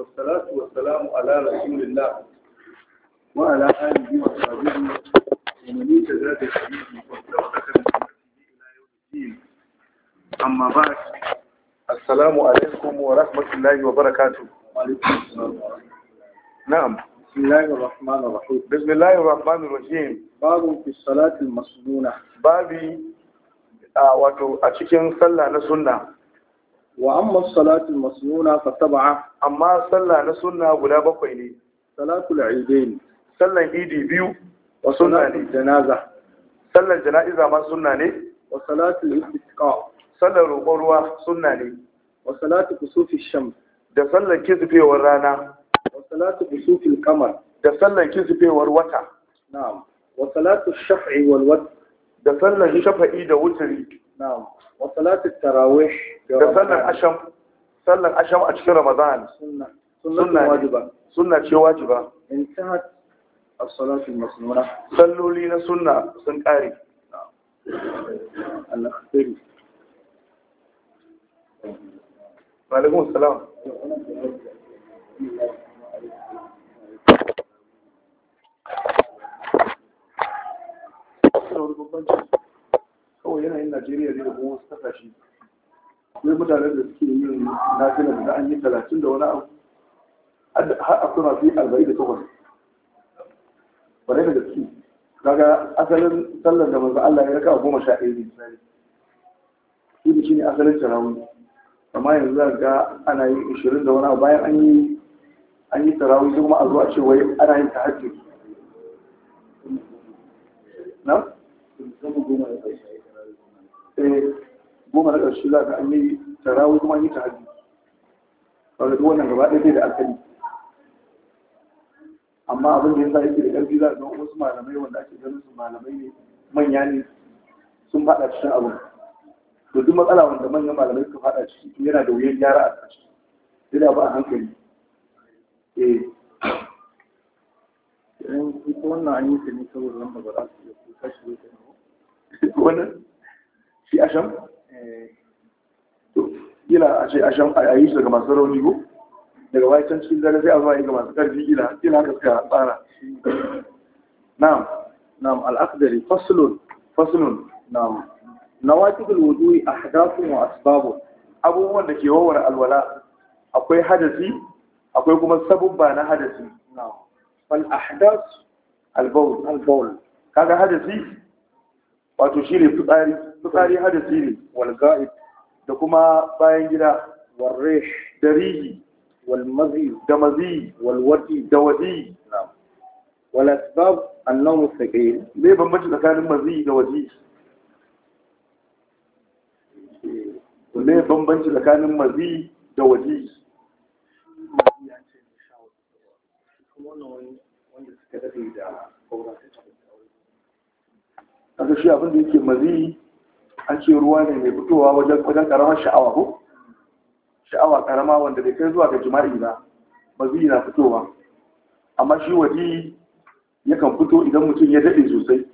wasalatu wasalamu ala rasulillah wa ala alihi wa sahbihi wa man tabi'a bi ihsani ila yawm al-din amma ba'd assalamu alaykum wa rahmatullahi wa barakatuh na'am بسم الله الرحمن الرحيم باب في الصلاه المسنونه باب اا واتو ا cikin sallah na sunna wa amma salatul masnuna fa sab'a amma sallah na sunna guda bakwai ne salatul eidain sallan idi biyu wa sunna ne janaza sallan janaiza ma sunna ne wa salatul istisqa sallan roƙon ruwa sunna ne wa salatu kusufi shams da sallan kizufewar rana wa salatu kusufil qamar da sallan kizufewar wata na'am wa salatu da sallan shafa'i da نعم وصلاة التراويح سنة أشم سنة أشم أشهر رمضان سنة سنة واجبة سنة شي واجبة انتهت الصلاة المسنونة صلوا لنا سنة سنة سنكاري نعم الأخبري وعليكم السلام Thank kawai yanayin najeriya ne da kuma wasu kasashe akwai mutanen da suke yin nafilar da an yi talatin da wani abu har a suna fi arba'in da takwas bare da gaske kaga asalin sallar da manzo Allah ya raka goma sha ɗaya ne shi shi ne asalin tarawih amma yanzu za ga ana yin ishirin da wani abu bayan an yi an yi tarawih kuma a zuwa ce wai ana yin tahajjud na? eh goma na ƙarshe za ka an yi tarawo kuma an yi ta hajji Ba duk wannan gaba ɗaya da asali amma abin da ya sa yake da ƙarfi za a zama wasu malamai wanda ake ganin su malamai ne manya ne sun faɗa cikin abu. to duk matsala wanda manyan malamai suka faɗa ciki yana da wuyan gyara a ciki yana ba a hankali eh wannan an yi ta ne saboda lamba ba za su iya kuka shi ne wannan shi asham ila a ce asham a yi shi daga masu rauni ko daga bayan can cikin dare sai a zuwa ga masu karfi ila ila haka suka tsara na'am na'am fasulun akhdari faslun faslun na'am nawaqidul a hadafin wa asbabun abubuwan da ke wawar alwala akwai hadasi akwai kuma sabubba na hadasi wal ahdas al bawl al bawl kaga hadasi wato shi ne fitsari fitsari hadisi ne wal ga'ib da kuma bayan gida wal rish da rihi wal mazi da mazi wal wadi da wadi wal asbab annahu thaqil me bambanci tsakanin mazi da wadi me bambanci tsakanin mazi da wadi a shi abin yake mazi an ce ruwa ne mai fitowa wajen karamar sha'awa ko sha'awa karama wanda bai kai zuwa ga jima'i ba mazi na fitowa amma shi waje yakan fito idan mutum ya daɗe sosai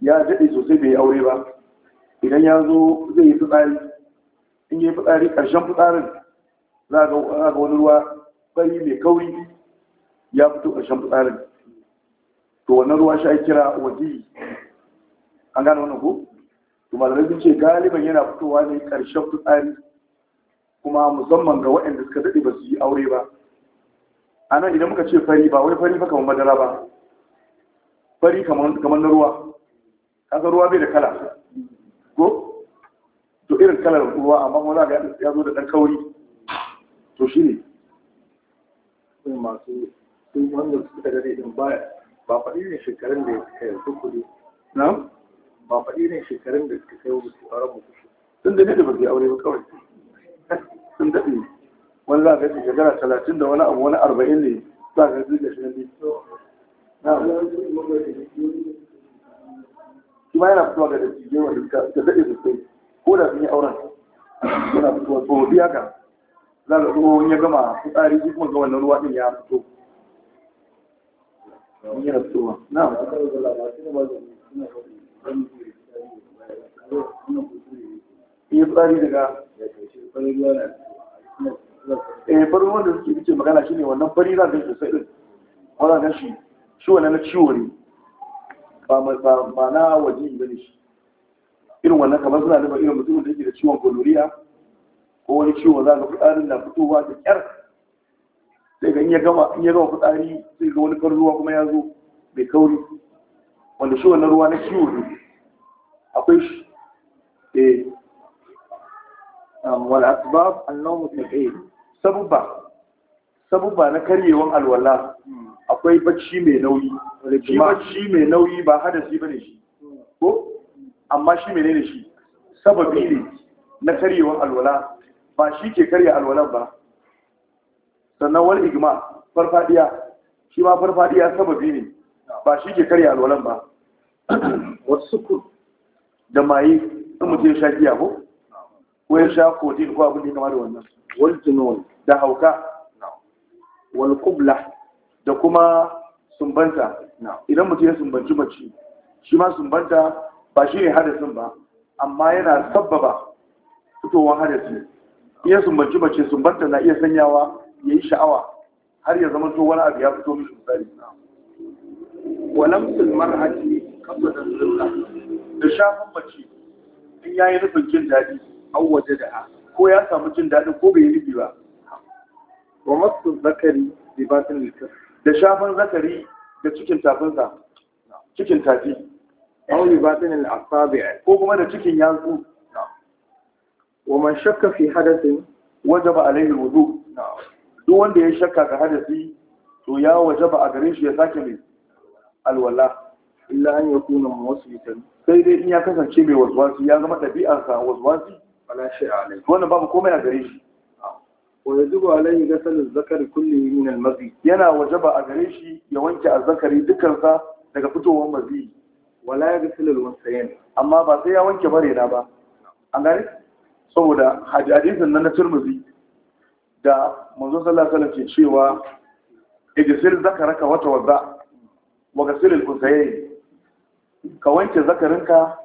ya daɗe sosai bai aure ba idan ya zo zai yi fitsari in yi fitsari ƙarshen fitsarin za ga wani ruwa fari mai kauri ya fito ƙarshen fitsarin to wannan ruwa shi kira waje an gane wannan ko to malamai ce galiban yana fitowa ne karshen fitsari kuma musamman ga waɗanda suka daɗe ba su yi aure ba a nan idan muka ce fari ba wai fari fa kamar madara ba fari kamar na ruwa kasar ruwa bai da kala ko to irin kalar ruwa amma wani ga ya zo da ɗan kauri to shi ne masu wanda suka daɗe ɗin ba ba faɗi ne shekarun da ya kai kuɗi na ba faɗi ne shekarun da suka kai wa auren mu sun da da ba su aure ba kawai sun daɗe wani za ka yi shekara talatin da wani abu wani arba'in ne za ka yi da shi ne shi ma yana fitowa ga dattijai wanda suka daɗe sosai ko da sun yi auren yana fitowa tsohobi haka za ka tsohon ya gama fitsari shi kuma ga wannan ruwa ɗin ya fito yana fitowa na yi eh, tsari daga eh farin wanda suke kike magana shine wannan fari za ka sosai din wannan ga shi shi wannan na ciwo ne ba na waje ba ne shi irin wannan kamar suna da irin mutumin da yake da ciwon gonorrhea ko wani ciwo za ka fitsarin na fitowa da kyar sai ga in ya gama in ya gama sai ga wani farin ruwa kuma ya zo mai kauri wanda shi wannan ruwa na ciwo ne akwai shi eh wal asbab annawm taqi sabba sabubba na karyewan alwala akwai bacci mai nauyi shi bacci mai nauyi ba hadasi ne shi ko amma shi mai ne shi sababi ne na karyewan alwala ba shi ke karya alwalan ba sannan wani igma farfadiya shi ma farfadiya sababi ne ba shi ke karya alwalan ba wasu da maye in mutum ya sha giya ko ko ya sha kodin ko abin da ya kama da wannan wal junun da hauka wal qubla da kuma sumbanta idan mutum ya sumbanci mace shi ma sumbanta ba shi ne hadasin ba amma yana sabbaba fitowar hadasi iya sumbanci mace sumbanta na iya sanyawa ya yi sha'awa har ya zama to wani abu ya fito mishi misali walam sulmar hajji kafa da zulla da shafin mace in ya yi nufin jin daɗi an waje da ha ko ya samu jin daɗi ko bai yi nufi ba wa masu zakari da su nufi da shafin zakari da cikin tafinsa cikin tafi an yi batin al'asabi ko kuma da cikin yatsu wa man shakka fi hadasin wajaba alaihi wudu duk wanda ya shakka ga hadasi to ya ba a gare shi ya sake mai alwala illa an ya kuna yi sai dai in ya kasance mai waswasi ya zama ɗabi'arsa waswasi wala a alai wannan babu komai a gare shi wa yajibu alaihi ghasal zakari kulli min al-mazi yana wajaba a gare shi ya wanke azzakari dukansa daga fitowar mazi wala ya ghasal al sayen. amma ba sai ya wanke bare na ba an gane saboda hadisin nan na Tirmidhi da manzon sallallahu alaihi wasallam ke cewa ijsil zakaraka wata wadda. wa ghasal al ka wanke zakarinka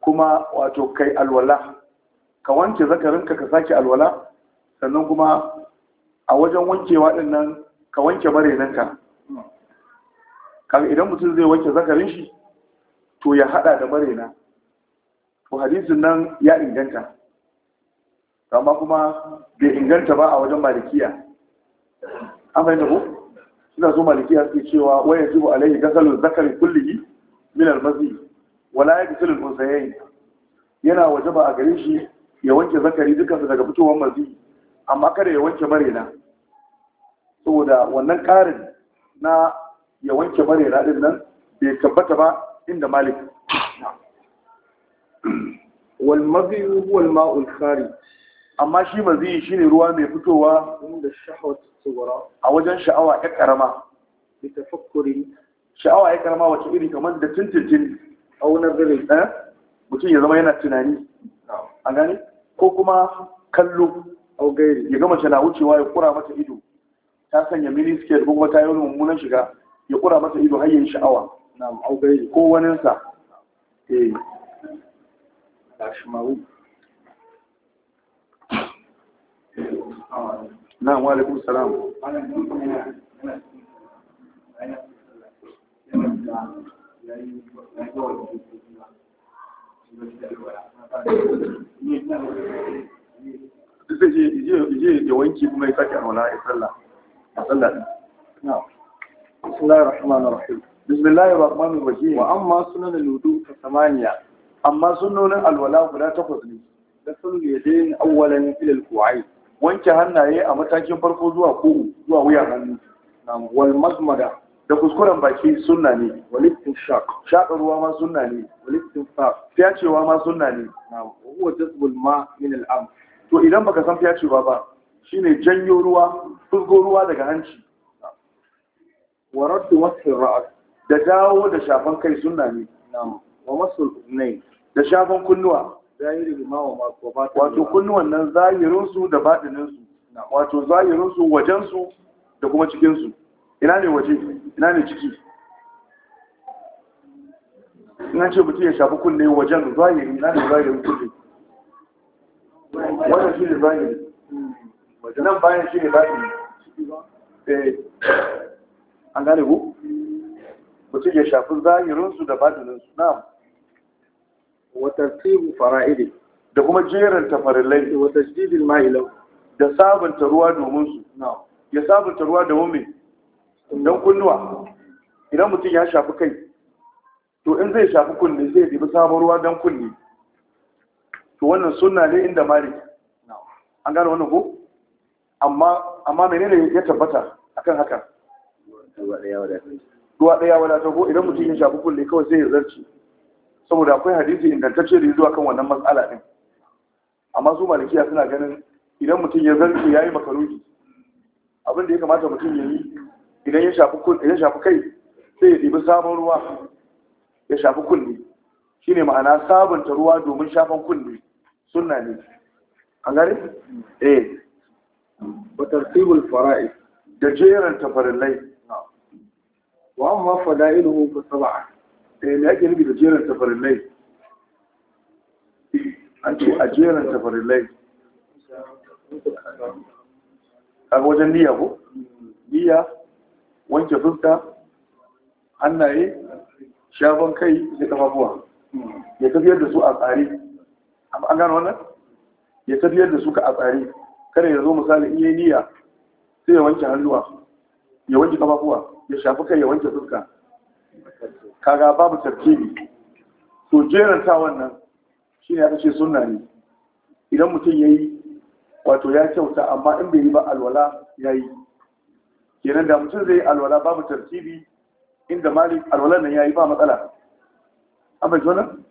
kuma wato kai alwala ka wanke zakarinka ka sake alwala sannan kuma a wajen wankewa din nan ka wanke marenanka kaga idan mutum zai wanke zakarin shi to ya hada da marena to hadisin nan ya inganta amma kuma bai inganta ba a wajen malikiya an fahimta ko suna so malikiya suke cewa wayan zubu alaihi gasalun zakari kullihi من المزي wala يقتل kisil ينا وجب أقريش يوانك a gare shi ya wanke zakari dukansu daga fitowar mazi amma kada ya wanke marena saboda wannan karin na ya wanke marena din nan bai tabbata ba inda mazi shi ne ruwa mai fitowa inda shahwat a wajen sha'awa ya karama bi sha'awa ya karama wace iri kamar da tuntuntuni a wunar dare ɗaya eh? mutum ya zama yana tunani a gani ko kuma kallo ya gama shana na wucewa ya kura mata ido ta sanya mini skirt ko kuma ta yi wani mummunan shiga ya kura mata ido har yin sha'awa ko waninsa eh wa alaikum salam zai je wanki kuma ya sake alwala ya sallah a bismillahir rahmanir rahim bismillahir rahmanir rahim wa amma sunan al-wudu ta samaniya amma sunonin alwala guda takwas ne da awwalan ila al wanke hannaye a matakin farko zuwa ko zuwa wuya hannu wal mazmada da kuskuren baki sunna ne walittin shaq shaƙa ruwa ma sunna ne walittin fa fiyacewa ma sunna ne na huwa jazbul ma min al'am to idan baka san fiyacewa ba shine janyo ruwa fuzgo ruwa daga hanci wa raddu wasfi ra'as da dawo da shafan kai sunna ne na'am wa masul nai da shafan kunnuwa zahiri ma wa ma wato kunnuwan nan zahirin su da batinin su wato zahirin su wajen su da kuma cikin su ina ne waje ina ne ciki ina ce mutum ya shafi kunne wajen zahiri ina ne zahirin kunne wajen shi ne zahiri nan bayan shi ne batini eh an gane ku mutum ya shafi zahirinsu da su. na watartibu fara'idi da kuma jerin tafarillai da wata ma'ilau da sabunta ruwa domin su ya sabunta ruwa domin don kunnuwa idan mutum ya shafi kai to in zai shafi kunne zai bibi sabon ruwa don kunne to wannan suna ne inda malik an gane wannan ko amma menene ya tabbata akan haka ruwa ɗaya wadata ko idan mutum ya shafi kunne kawai zai zarci saboda akwai hadisi ingantacce da zuwa kan wannan matsala din amma su malikiya suna ganin idan mutum ya zarce ya yi makaruki abinda ya kamata mutum ya yi idan ya shafi kai sai ya ɗibi sabon ruwa ya shafi kunne ne ma'ana sabunta ruwa domin shafan kunne suna ne an gari? eh batar tartibul fara'i da jeran tafarillai wa amma fada'iluhu fa sab'a eh yi ake nufi da jeran tafarillai an ce a jeran tafarillai a wajen niyya ko niyya wanke fuska hannaye shafan kai da kafafuwa ya tafiyar da su a tsari an gano wannan ya tafiyar da su ka a tsari kada ya zo misali iya niyya sai ya wanke hannuwa ya wanke kafafuwa ya shafi kai ya wanke fuska kaga babu tarkibi to jeranta wannan shi ne aka ce sunna ne idan mutum ya yi wato ya kyauta amma in bai yi ba alwala ya yi kenan da mutum zai alwala babu tartibi inda mali alwala nan yayi ba matsala an bai wannan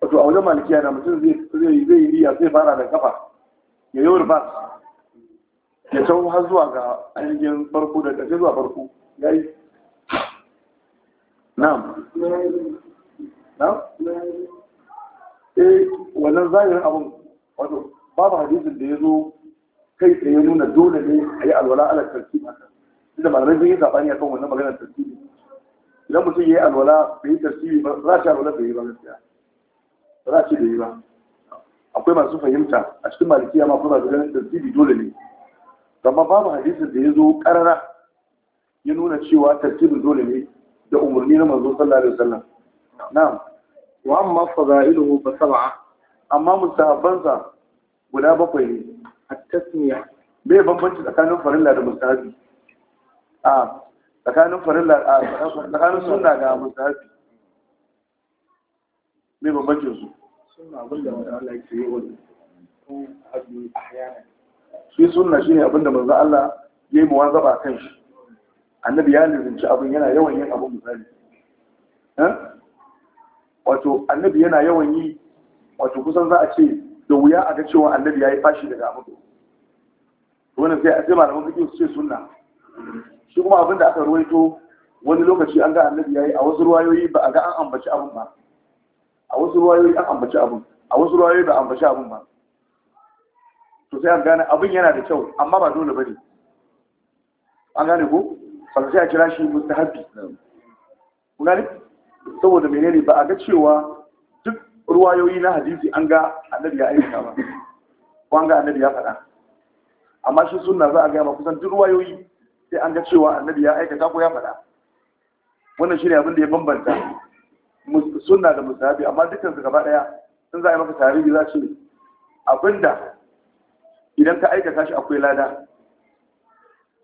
wato a wajen malikiya na mutum zai zai yi ya zai fara da kafa ya yi ba ya tau har zuwa ga ainihin farko da ƙarshe zuwa farko yayi na'am na'am eh wannan zahirin abun wato babu hadisin da ya zo kai tsaye nuna dole ne a yi alwala ala tartib haka inda malamai sun yi sabani kan wannan maganar tartibi idan mutum ya yi alwala bai yi tartibi ba za a ce alwala bai yi ba gaskiya ba za a ce bai yi ba akwai masu fahimta a cikin malikiya ma kuma ganin tartibi dole ne amma babu hadisin da ya zo karara ya nuna cewa tartibin dole ne da umarni na manzo sallallahu alaihi wasallam na'am wa amma fadailuhu ba sab'a amma mustahabbansa guda bakwai ne التسمية bai bambanci tsakanin farilla da musahabi a tsakanin farilla a tsakanin sunna da musahabi bai bambanci su sunna abinda wanda Allah ya yi wani abu ahyana shi sunna shine abinda manzo Allah ya yi muwazaba kan shi annabi ya eh? wato annabi yana yawan yi wato kusan za a ce da wuya a ga cewa annabi ya yi fashi daga abu wannan sai a sai malaman fiƙin su ce sunna shi kuma abin da aka ruwaito wani lokaci an ga annabi ya yi a wasu ruwayoyi ba a ga an ambaci abin ba a wasu ruwayoyi an ambaci abin a wasu ruwayoyi ba ambaci abin ba to sai an gane abin yana da kyau amma ba dole ba ne an gane ko sai a kira shi mustahabi kun gane saboda menene ba a ga cewa ruwayoyi na hadisi an ga annabi ya aikata ba ko an ga annabi ya faɗa amma shi sunna za a gaya ba. kusan duk ruwayoyi sai an ga cewa annabi ya aikata ko ya faɗa wannan shine abin da ya bambanta sunna da musabi amma dukkan su gaba daya sun za a yi maka tarihi za ce abinda idan ka aikata shi akwai lada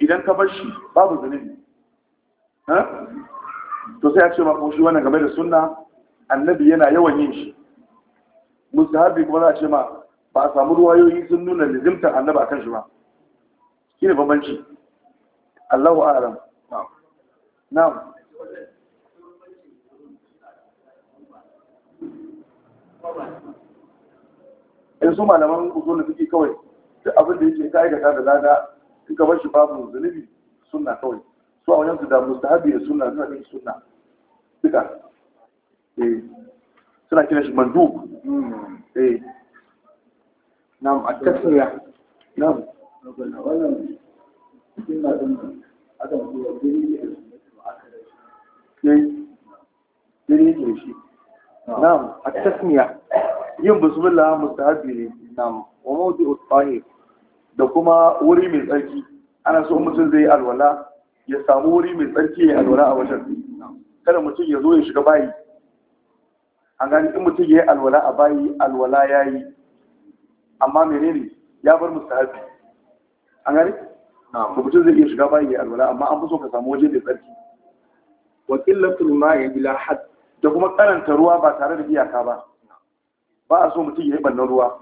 idan ka bar shi babu zunubi to sai a ce ko shi wannan game da sunna annabi yana yawan yin shi mustahabi kuma za a ce ma ba a samu ruwayoyi sun nuna lizimtar annaba kan shi ba shi ne bambanci Allahu a'lam na'am in su malaman na suke kawai duk abin da yake ka aikata da lada in ka bar shi babu zunubi sunna kawai su a wajen su da mustahabi da sunna suna kan sunna duka suna kiran shi mandub hmm. eh nam a tafiya nam wannan ina din adam ko gari ne ne shi nam at da kuma wuri mai tsarki ana so mutum zai yi alwala ya samu wuri mai tsarki ya alwala a wajen kada mutum ya zo ya shiga bayi an gani in mutum ya yi alwala a bayi alwala ya yi amma menene ya bar musu mustahabi an gani to mutum zai iya shiga bayi ya alwala amma an fi so ka samu waje mai tsarki wa qillatul ma'i bila had da kuma karanta ruwa ba tare da iyaka ba ba a so mutum ya yi banna ruwa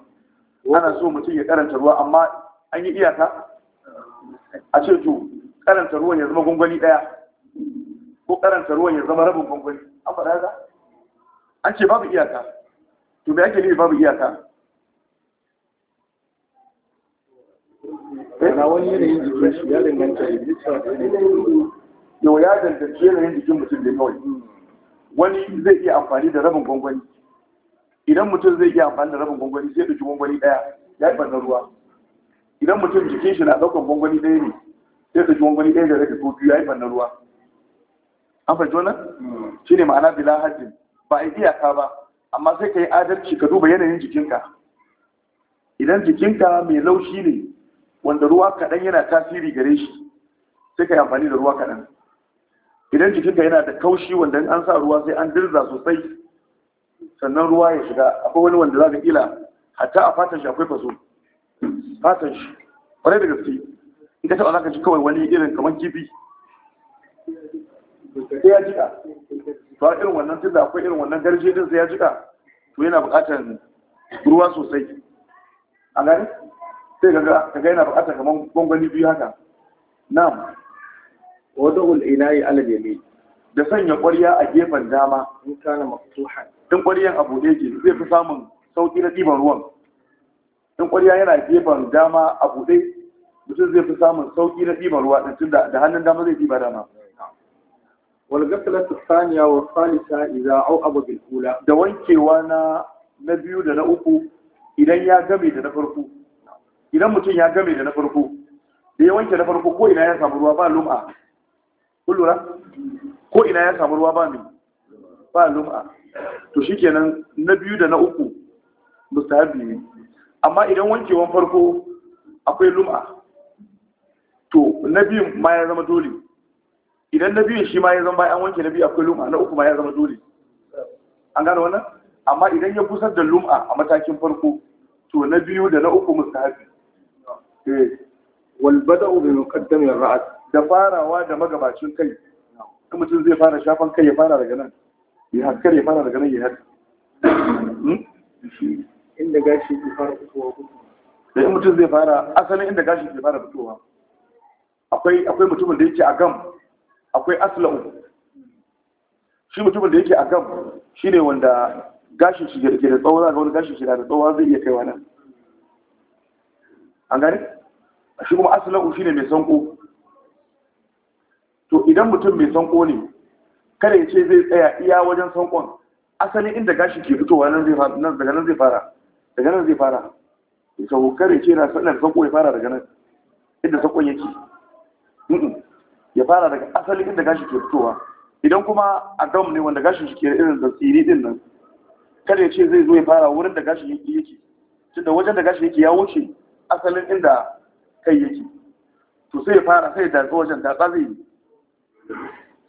ana so mutum ya karanta ruwa amma an yi iyaka a ce to karanta ruwan ya zama gungwani daya ko karanta ruwan ya zama rabin gungwani an faɗa haka an ce babu iyaka to me ake nufi babu iyaka eh? na wani yanayin jikin shi ya danganta yau ya danganci yanayin jikin mutum da kawai wani zai iya amfani da rabin gwangwani idan mutum zai iya amfani da rabin gwangwani sai ɗauki gwangwani ɗaya ya yi ɓarnar ruwa idan mutum jikin shi na ɗaukar gwangwani ɗaya ne sai ɗauki gwangwani ɗaya da rage ko biyu ya yi ɓarnar ruwa an fahimci wannan hmm. shi ne ma'ana bila hajjin ba a iyaka ba amma sai ka yi adalci ka duba yanayin jikinka idan jikinka mai laushi ne wanda ruwa kaɗan yana tasiri gare shi sai ka yi amfani da ruwa kaɗan idan jikinka yana da kaushi wanda an sa ruwa sai an dirza sosai sannan ruwa ya shiga akwai wani wanda za ka ƙila hatta a fatan shi akwai faso fatan shi wani da gaske in ka taɓa za ka ji kawai wani irin kamar kifi sai ya jika to irin wannan tunda akwai irin wannan garje din sai ya jika to yana buƙatar ruwa sosai a gani sai ga, ga ga yana buƙatar kaman gwangwani biyu haka na'am wadul inayi ala yamin da sanya ƙwarya a gefen dama in kana maftuhan in ƙwaryan abu da yake zai fi samun sauƙi na ɗiban ruwan din ƙwarya yana gefen dama a buɗe mutum zai fi samun sauƙi na ɗiban ruwa ɗin tunda da hannun dama zai diba dama والغسلة الثانية والثالثة إذا أوقب بالأولى da wankewa na na biyu da na uku idan ya game da na farko idan mutum ya game da na farko da ya wanke na farko ko ina ya samu ruwa ba lum'a kullura ko ina ya samu ruwa ba mai ba lum'a to shikenan na biyu da na uku mustahabi ne amma idan wankewan farko akwai lum'a to na biyun ma ya zama dole idan na biyun shi ma ya zama bayan wanke na biyu akwai lum'a na uku ma ya zama dole an gane wannan amma idan ya kusa da lum'a a matakin farko to na biyu da na uku musu eh wal bada'u bi muqaddami ar-ra's da farawa da magabacin kai kuma mutum zai fara shafan kai ya fara daga nan ya hakkar ya fara daga nan ya haɗu hmm? inda gashi ke fara fitowa da in mutum zai fara asalin inda gashi ke fara fitowa akwai mutumin da yake a gam akwai aslahu shi mutumin da yake a kan shi ne wanda gashin shi ke da tsawo zaga wani gashin shi da tsawo zai iya kaiwa nan an gani shi kuma aslahu shi ne mai sanko to idan mutum mai sanko ne kada ya ce zai tsaya iya wajen sankon asalin inda gashi ke fitowa nan zai fara daga nan zai fara daga nan zai fara ya sauko kare ce na sannan sanko ya fara daga nan inda sankon yake ya fara daga asali inda gashi ke fitowa idan kuma a dam ne wanda gashin shi ke irin da tsiri din nan kada ya ce zai zo ya fara wurin da gashin yake yake tunda wajen da gashin yake ya wuce asalin inda kai yake to sai ya fara sai ya datsa wajen ba zai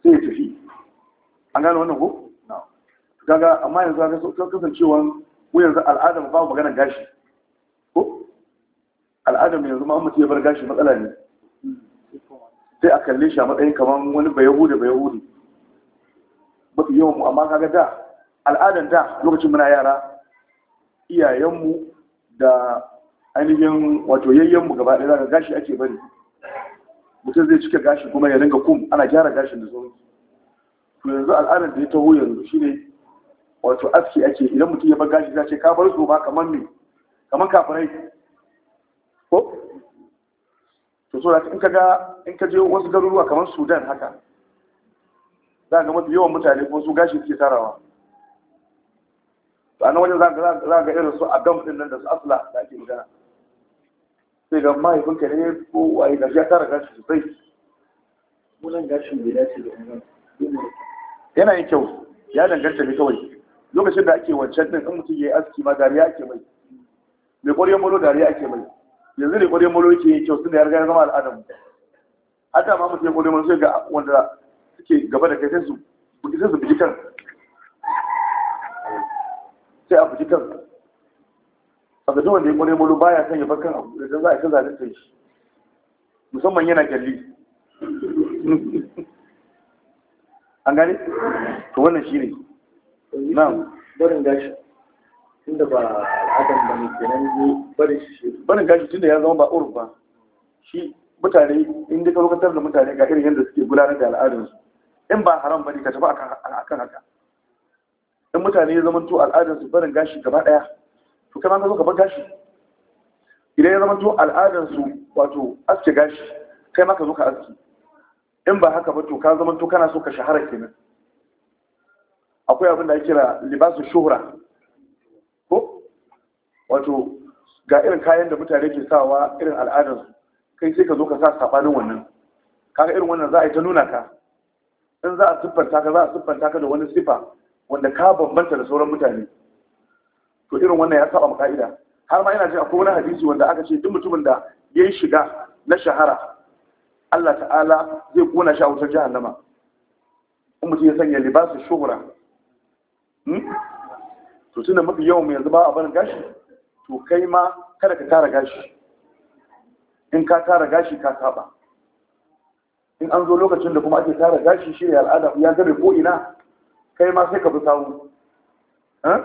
sai ya tafi an gane wannan ko kaga amma yanzu ga sun kasancewa ko yanzu al'adar babu maganar gashi ko al'adar yanzu ma mutum ya bar gashi matsala ne sai a kalle shi a matsayin kamar wani bayahude bayahude mafi yawan mu amma kaga da al'adan da lokacin muna yara iyayenmu da ainihin wato yayyenmu gaba ɗaya daga gashi ake bari mutum zai cika gashi kuma ya ringa kum ana gyara gashin da sauransu to yanzu al'adar da ya taho yanzu shine wato aski ake idan mutum ya bar gashi za ce ka bar su ba kamar me kamar kafirai ko to so in ka ga in ka je wasu garuruwa kamar Sudan haka za ga mafi yawan mutane kuma su gashi suke tarawa ba na wajen za ga irin su a gam din nan da su asla da ake magana sai ga mahaifinka ne ko waye gashi ya tara gashi bai munan gashin mai dace da yana yin kyau ya danganta ne kawai lokacin da ake wancan din in mutum ya yi aski ma dariya ake mai mai ƙwaryen molo dariya ake mai yanzu ne kodin maloki ya kyau suna da yarga zama al'adamu hatta ma mutum ya kodin maloki ga wanda suke gaba da kai sai su buki sai su buki kan sai a buki kan a ga wanda ya kodin maloki baya son ya bakan abu da za a kaza da sai shi musamman yana kyalli an gane to wannan shi ne na barin gashi inda ba adam ba ne kenan barin shi barin gashi tunda ya zama ba urf ba shi mutane in dai lokacin da mutane ga irin yadda suke gudanar da al'adunsu in ba haram ba ne ka tafi akan haka in mutane ya zama to al'adarsu barin gashi gaba daya to kana ka zo ka bar gashi idan ya zama to al'adarsu wato aske gashi kai ma ka zo ka aske, in ba haka ba to ka zama to kana so ka shahara kenan akwai abin da ake kira libasu shuhra wato ga irin kayan da mutane ke sawa irin al'adar kai sai ka zo ka sa sabanin wannan kaga irin wannan za a yi ta nuna ka in za a siffanta ka za a siffanta ka da wani sifa wanda ka bambanta da sauran mutane to irin wannan ya saba ka'ida har ma ina ji akwai wani hadisi wanda aka ce duk mutumin da ya yi shiga na shahara Allah ta'ala zai kona shi a wutar jahannama in mutum ya sanya libasin shuhura hmm? to tunda mafi yawan mu yanzu ba a barin gashi to kai ma kada ka tara gashi in ka tara gashi ka saba in an zo lokacin da kuma ake tara gashi shi ne al'ada ya gabe ko ina kai ma sai ka bi sawu eh?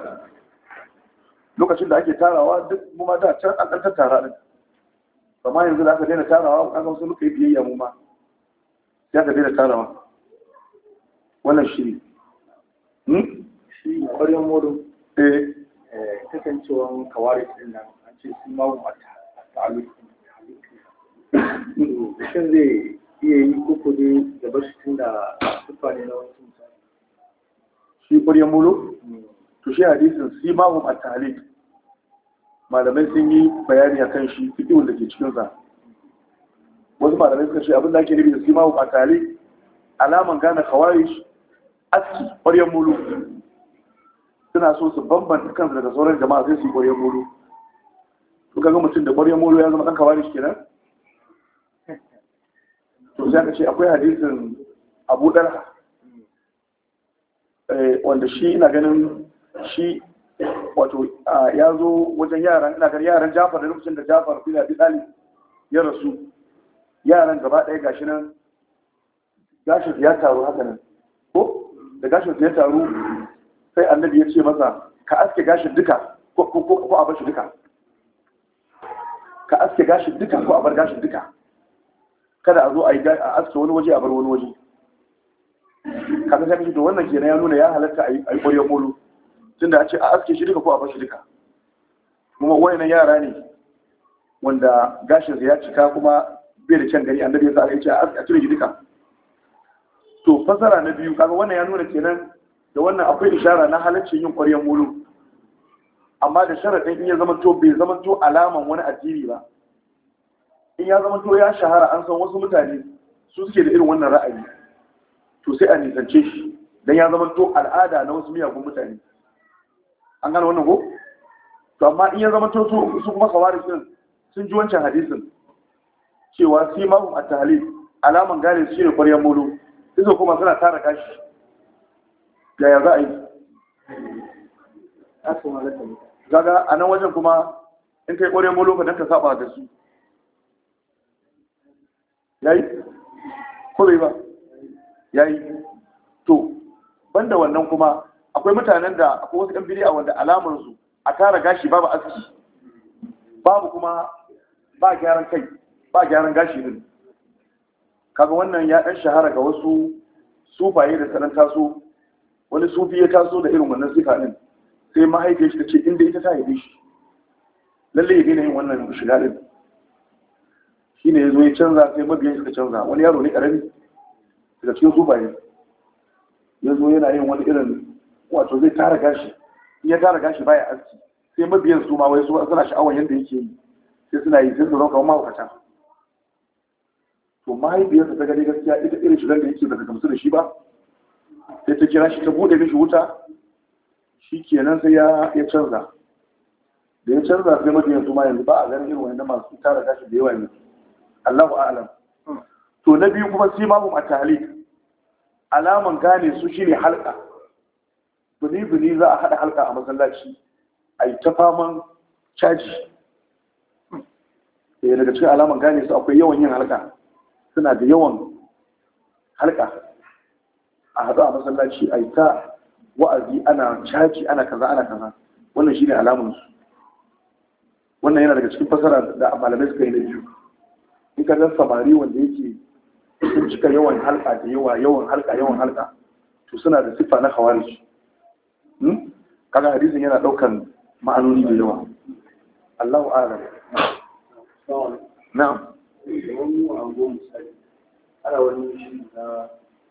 lokacin da ake tarawa duk kuma da can an ɗan tara ɗin amma yanzu da aka daina tarawa an wasu muka yi biyayya mu ma ya ka daina tarawa wannan shi ne hmm? ƙwaryen eh Eh, kasancewan kawari din nan an ce sun ma mata ta'alukin shin zai iya yi uku ne da bashi tun da sufa ne na wani shi ƙwarya mulo hmm. to shi hadisin su ma hum at malamai sun yi bayani a kan shi fiƙiwun da ke cikinsa wasu malamai suka ce abin da ake nufi da su ma hum at alaman gane kawari aski ƙwarya mulo suna so su bambanta kansu daga sauran jama'a sai su yi ƙwaryen molo to kaga mutum da ƙwaryen molo ya zama ɗan kawari shi kenan to sai aka ce akwai hadisin abu ɗarha eh, wanda shi ina ganin shi wato ya zo wajen yaran ina ganin yaran jafar da lokacin da jafar fi abi talib ya rasu yaran gaba ɗaya gashi nan gashin ya taru haka nan ko da gashin ya taru sai annabi ya ce masa ka aske gashin duka ko a bar duka ka aske gashin duka ko a bar gashin duka kada a zo a aske wani waje a bar wani waje kaga sai kace to wannan kenan ya nuna ya halatta a yi ƙwarya mulu tunda a ce a aske shi duka ko a shi duka kuma wayannan yara ne wanda gashin ya cika kuma bai da can gani annabi ya sa ya ce a aske shi duka to fasara na biyu kaga wannan ya nuna kenan da wannan akwai ishara na halaccin yin ƙwaryen mulu amma da sharaɗin in ya zamanto bai zamanto alaman wani addini ba in ya zamanto ya shahara an san wasu mutane su suke da irin wannan ra'ayi to sai a nisance shi don ya zamanto al'ada na wasu miyagun mutane an gane wannan ko to amma in ya zamanto su kuma kawari sun ji wancan hadisin cewa sai mahu a tahlil alaman gane shi ne ƙwaryen mulu sai kuma suna tara kashi yaya za a yi gaga a nan wajen kuma in kai ƙware mu lokacin ka saba da su ya ko bai ba Ya yi. to banda wannan kuma akwai mutanen da akwai wasu ɗan a wanda alamarsu a tara gashi babu aski babu kuma ba gyaran kai ba gyaran gashi ne. kaga wannan ya ɗan shahara ga wasu sufaye da sanan taso wani sufi ya taso da irin wannan sifa din sai mahaifiyar shi ta ce inda ita ta haife shi lalle ya daina yin wannan shiga din shine yazo ya canza sai mabiyan ka canza wani yaro ne karami daga cikin sufaye yazo yana yin wani irin wato zai tara gashi in ya tara gashi baya aski sai mabiyan su ma wai su suna sha'awar yadda yake yi sai suna yi sai su rauka ma wakata to mahaifiyarsa ta gani gaskiya ita irin shigar da yake ba ta gamsu da shi ba sai ta kira shi ta bude mishi wuta shi kenan sai ya canza da ya canza sai mafi yanzu ma yanzu ba a ganin irin wanda masu tara tashi da yawa yanzu Allahu a'lam to na biyu kuma sai mahum atali alaman gane su shine halka buni buni za a haɗa halka a masallaci a yi ta faman caji eh, daga cikin alaman gane su akwai yawan yin halka suna da yawan halka a haɗu a masallaci a yi ta wa'azi ana caji ana kaza ana kaza wannan shi ne alamunsu. wannan yana daga cikin fasara da malamai suka yi na biyu in ka zan samari wanda yake sun cika yawan halka da yawa yawan halka yawan halka to suna da siffa na khawarij hmm? kaga hadisin yana ɗaukan ma'anoni da yawa Allahu a'lam na'am ana wani shi na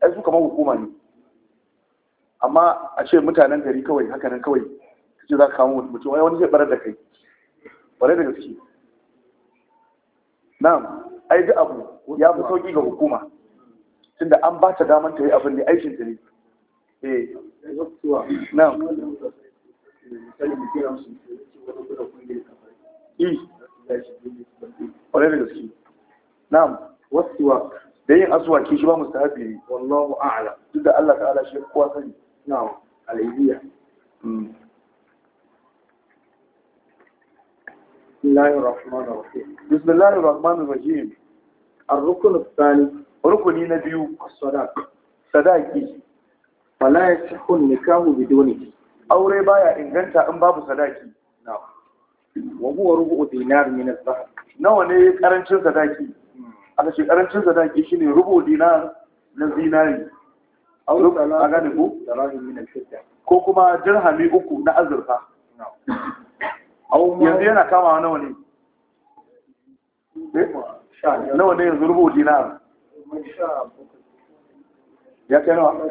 ai su kamar hukuma ne amma a ce mutanen gari kawai hakanan kawai Su ce za ka kamo mutum mutum wani zai barar da kai barar da gaske na'am ai duk abu ya fi sauki ga hukuma tunda an ba ta daman ta yi abin da aikin ta ne eh na'am eh. ƙwarai da gaske na'am wasu da yin asuwaki shi ba mustahabi ne wallahu a'lam duk da Allah ta'ala shi kowa sani na'am alayhiya بسم الله الرحمن الرحيم بسم الله الرحمن الرحيم الركن الثالث ركن نبي الصداق صداقي فلا يصح النكاح ne. aure baya inganta in babu sadaki wa huwa rubu dinar min az-zahab nawa ne karancin sadaki aka ce karancin shi ne rubo dinar na zinari a gane ku ko kuma dirhami uku na azurfa yanzu yana kama wa nawa ne nawa ne yanzu rubo dinar ya kai nawa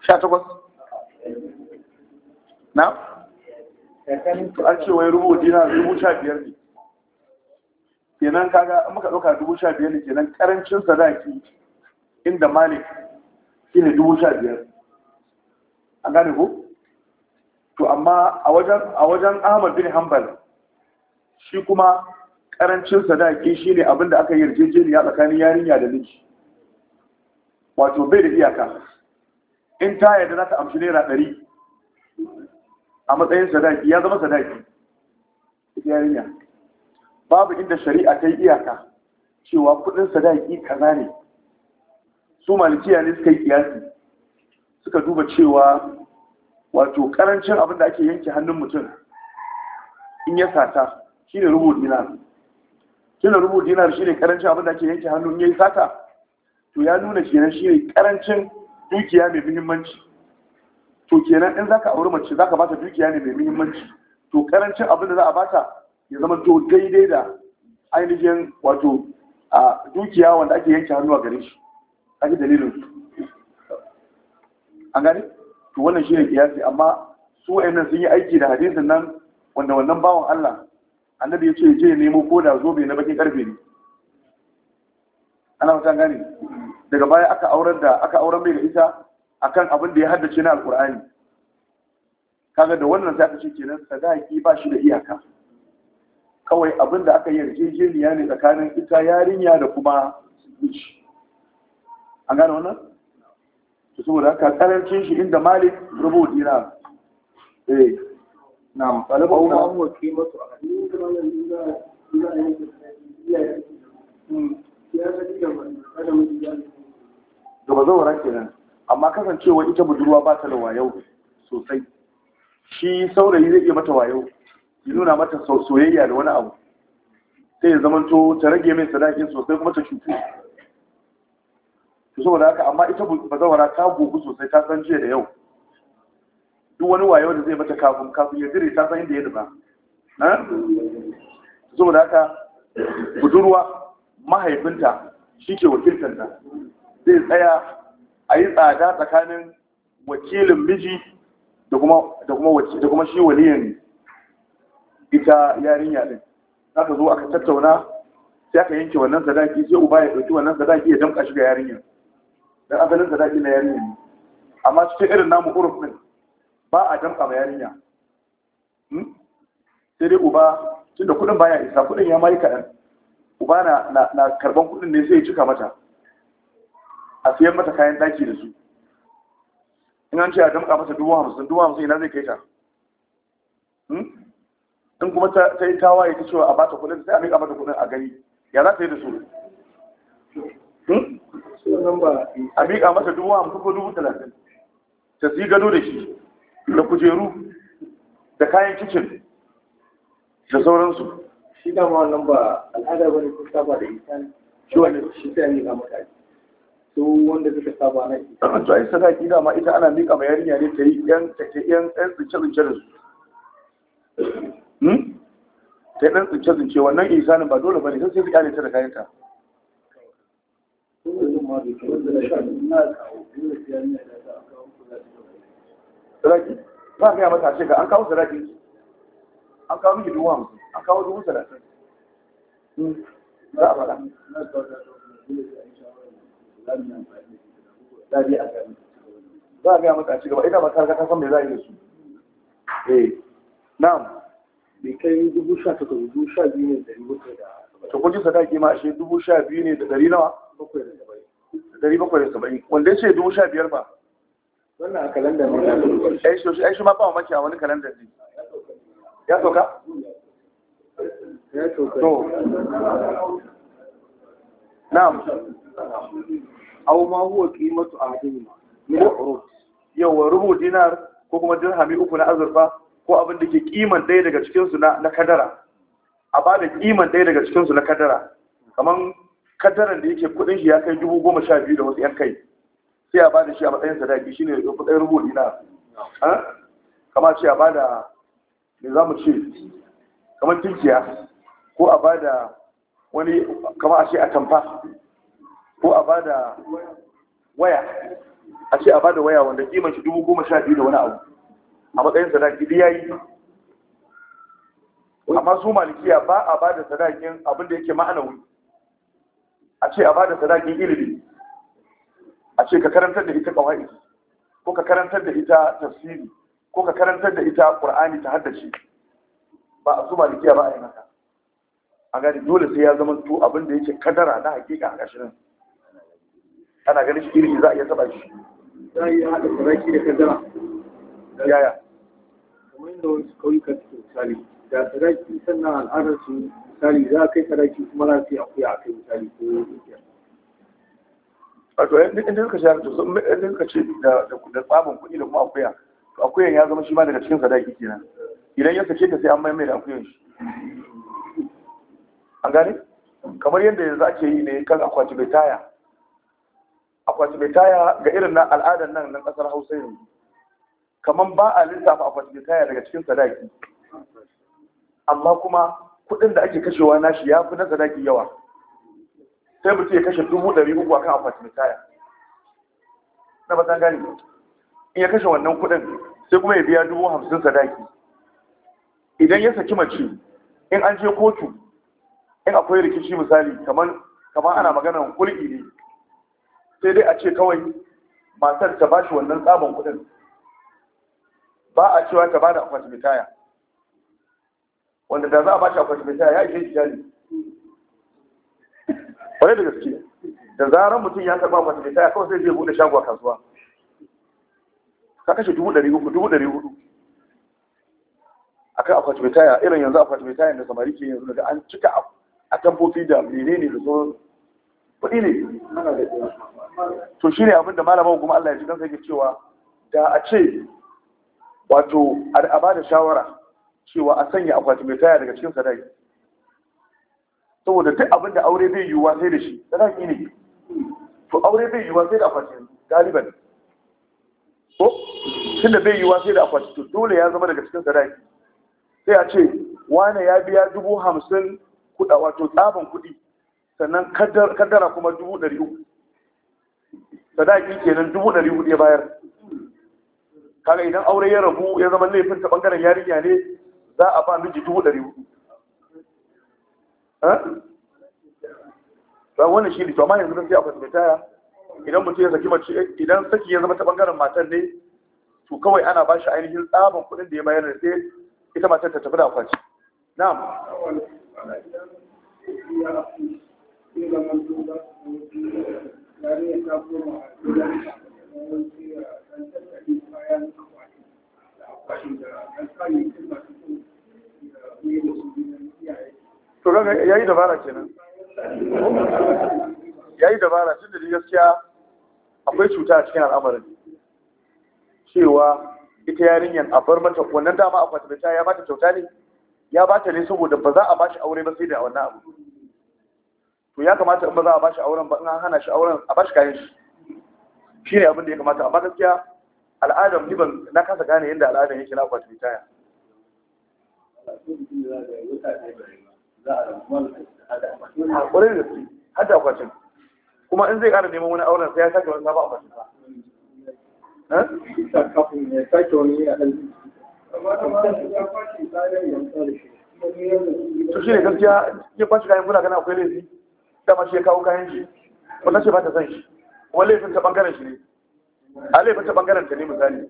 sha takwas na an ce wai rubu dina dubu sha biyar ne kenan kaga muka ɗauka dubu sha biyar ne kenan karancin sadaki inda malik shi ne dubu sha biyar an gane ku? to amma a wajen ahmad bin hanbal shi kuma karancin sadaki shi ne abinda aka yarjejeniya tsakanin yarinya da miji wato bai da iyaka in ta yarda za ta amshi naira ɗari a matsayin sadaki ya zama sadaki yarinya babu inda shari'a ta yi iyaka cewa kudin sadaki kaza ne su malikiya ne suka yi kiyasi suka duba cewa wato karancin abin da ake yanke hannun mutum in ya sata shi ne rubu dinar shi ne rubu dinar shi ne karancin abin da ake yanke hannun ya yi sata to ya nuna kenan shi ne karancin dukiya mai muhimmanci to kenan in zaka auri mace zaka bata dukiya ne mai muhimmanci to karancin abin da za a bata ya zama to daidai da ainihin wato a dukiya wanda ake yanke hannu a gare shi kaji dalilin su an gane to wannan shine kiyasi amma su wayannan sun yi aiki da hadisin nan wanda wannan bawan Allah annabi ya ce je nemo ko da zobe na bakin karfe ne ana wata gane daga baya aka aurar da aka auren mai da ita akan abin da ya haddace na alkur'ani kaga da wannan zaka ce kenan sadaki ba shi da iyaka kawai abin da aka yarjejeniya ne tsakanin ita yarinya da kuma miji an gane wannan to saboda haka karancin shi inda malik rubu dinar eh na talaba umma an wake masu a hmm, ga kenan amma kasancewa ita budurwa ba ta da wayo sosai shi saurayi zai iya mata wayo ya nuna mata soyayya da wani abu sai ya zamanto ta rage mai sadakin sosai kuma ta cutu to saboda haka amma ita bazawara ta gogu sosai ta san jiya da yau duk wani wayo da zai mata kafin kafin ya dire ta san inda ya nufa saboda haka budurwa mahaifinta shi ke wakiltanta zai tsaya a yi tsada tsakanin wakilin miji da kuma shi waliyan ita yarinya din za ka zo aka tattauna sai aka yanke wannan sadaki sai uba ya ɗauki wannan sadaki ya damƙa shi ga yarinya don asalin sadaki na yarinya ne amma cikin irin namu urufin din ba a damƙa ma yarinya hmm? sai dai uba tunda kuɗin baya isa kuɗin ya mai kaɗan uba na karɓan kuɗin ne sai ya cika mata a siyan mata kayan daki da su in an ce a damka mata dubu hamsin dubu hamsin ina zai kai ta hmm? in kuma ta yi ya ta cewa a bata kudin sai a mika mata kudin a gani ya za ta yi da su hmm? a mika mata dubu hamsin ko dubu talatin ta yi gado da shi da kujeru da kayan kicin da sauransu shi dama wannan ba al'ada bane ko saba da ita shi wani shi sai a miƙa mata duk wanda suka saba na ita. To ai sadaki dama ita ana miƙa ma yarinya ne ta yi yan ta ke yan tsince tsince da su. Hmm? Ta yi ɗan tsince tsince wannan isanin ba dole ba ne sai sai su ta da kayan ta. Sadaki za ka yi mata ce ga an kawo sadaki an kawo miki dubu hamsin an kawo dubu talatin. Hmm. Za a faɗa. za a gaya maka a cigaba ina ba karkata san mai za a yi da su eh na'am bai kai dubu sha takwas dubu sha biyu ne da dubu da to kun sadaki ma ashe dubu sha biyu ne da dari nawa dari bakwai da saba'in wanda ya ce dubu sha biyar ba wannan a kalandar ne ai shi ma ba mamaki a wani kalandar ne ya toka? ya toka? to na'am Au ma huwa qimatu ahadihima min al-urub yawa rubu dinar ko kuma dirhami uku na azurfa ko abin da ke kiman ɗaya daga cikin su na kadara a ba da kiman ɗaya daga cikin su na kadara kaman kadaran da yake kudin shi ya kai dubu goma sha biyu da wasu yan kai sai a ba da shi a matsayin sadaki shine kudin rubu dinar kamar ce a ba da me za mu ce kamar tinkiya ko a ba da wani kamar a ce a tamfa ko a bada waya a ce a bada waya wanda kiman shi dubu goma sha biyu da wani abu a matsayin sadaki ya yi. amma su malikiya ba a bada sadakin abin da ma'ana wuri a ce a bada sadakin ilimi a ce ka karantar da ita kawai ko ka karantar da ita tafsiri ko ka karantar da ita qur'ani ta haddace ba a su malikiya ba a yi maka. a gani dole sai ya zama to abin da yake kadara na hakika a ƙashirin ana ganin shi iri za a iya saba shi za a iya haɗa saraki da kaddara yaya kamar yadda wasu ƙauyuka suke misali da saraki sannan al'adar su misali za a kai saraki kuma za su yi akuya a kai misali ko dukiya wato inda suka shahara to inda suka ce da tsamin kuɗi da kuma akuya to akuyan ya zama shi ma daga cikin sadaki kenan idan ya sace ta sai an maimai da akuyan shi an gane kamar yadda yanzu ake yi ne kan akwati bai taya akwati mai taya ga irin na al'adar nan na kasar hausa yanzu kamar ba a lissafa akwati mai taya daga cikin sadaki amma kuma kuɗin da ake kashewa nashi ya fi na sadaki yawa sai mutu ya kashe dubu ɗari uku a akwati mai taya na ba san gani in ya kashe wannan kuɗin sai kuma ya biya dubu hamsin sadaki idan ya saki mace in an je kotu in akwai rikici misali kamar ana maganar kulki ne sai dai a ce kawai matar ta bashi wannan tsaban kuɗin ba a cewa ta bada akwati mai taya wanda da za a bashi akwati mai taya ya ishe iyali kwarai da gaske da zarar mutum ya karɓa akwati mai taya kawai sai zai buɗe shago a kasuwa ka kashe dubu ɗari uku dubu ɗari hudu a kan akwati mai taya irin yanzu akwati mai taya da samari ke yanzu daga an cika a tambofi da menene da zuwa kuɗi ne to shi ne abinda malaman kuma Allah ya ji kansa yake cewa da a ce wato a ba da shawara cewa a sanya akwati mai taya daga cikin sadaki saboda duk abinda aure bai yiwuwa sai da shi sadaki ne to aure bai yiwuwa sai da akwati galiban ko tun da bai yiwuwa sai da akwati to dole ya zama daga cikin sadaki sai a ce wane ya biya dubu hamsin kuɗa wato tsaban kuɗi sannan kaddara kuma dubu ɗari uku sadaki kenan dubu ɗari uku ya bayar kaga idan aure ya rabu ya zama laifin ta bangaren yarinya ne za a ba miji dubu ɗari uku ba wannan shi ne to amma yanzu zan sai a fasimita idan mutum ya saki mace idan saki ya zama ta bangaren matan ne to kawai ana ba shi ainihin tsaban kuɗin da ya bayar da sai ita matar ta tafi da akwati na'am ya yi da dabara kenan. Yayi dabara tun da gaskiya akwai cuta a cikin al'amarin cewa ita yarinyar a bar mata wannan dama akwai ta ya bata kyauta ne ya bata ne saboda ba za a bashi aure ba sai da wannan abu to ya kamata in ba za a bashi auren ba in an hana shi auren a bashi kayan shi shi ne abin da ya kamata amma gaskiya al'adam ni ban na kasa gane yadda al'adam yake na akwatin ritaya kwarai da su hada akwatin kuma in zai kara neman wani auren sai ya sake wani sabon akwatin ba da shi ne gaskiya ya kwashe kayan fula gana akwai laifi dama shi ya kawo kayan shi wannan ce ba ta san shi wani laifin ta bangaren shi ne a laifin ta bangaren ta ne misali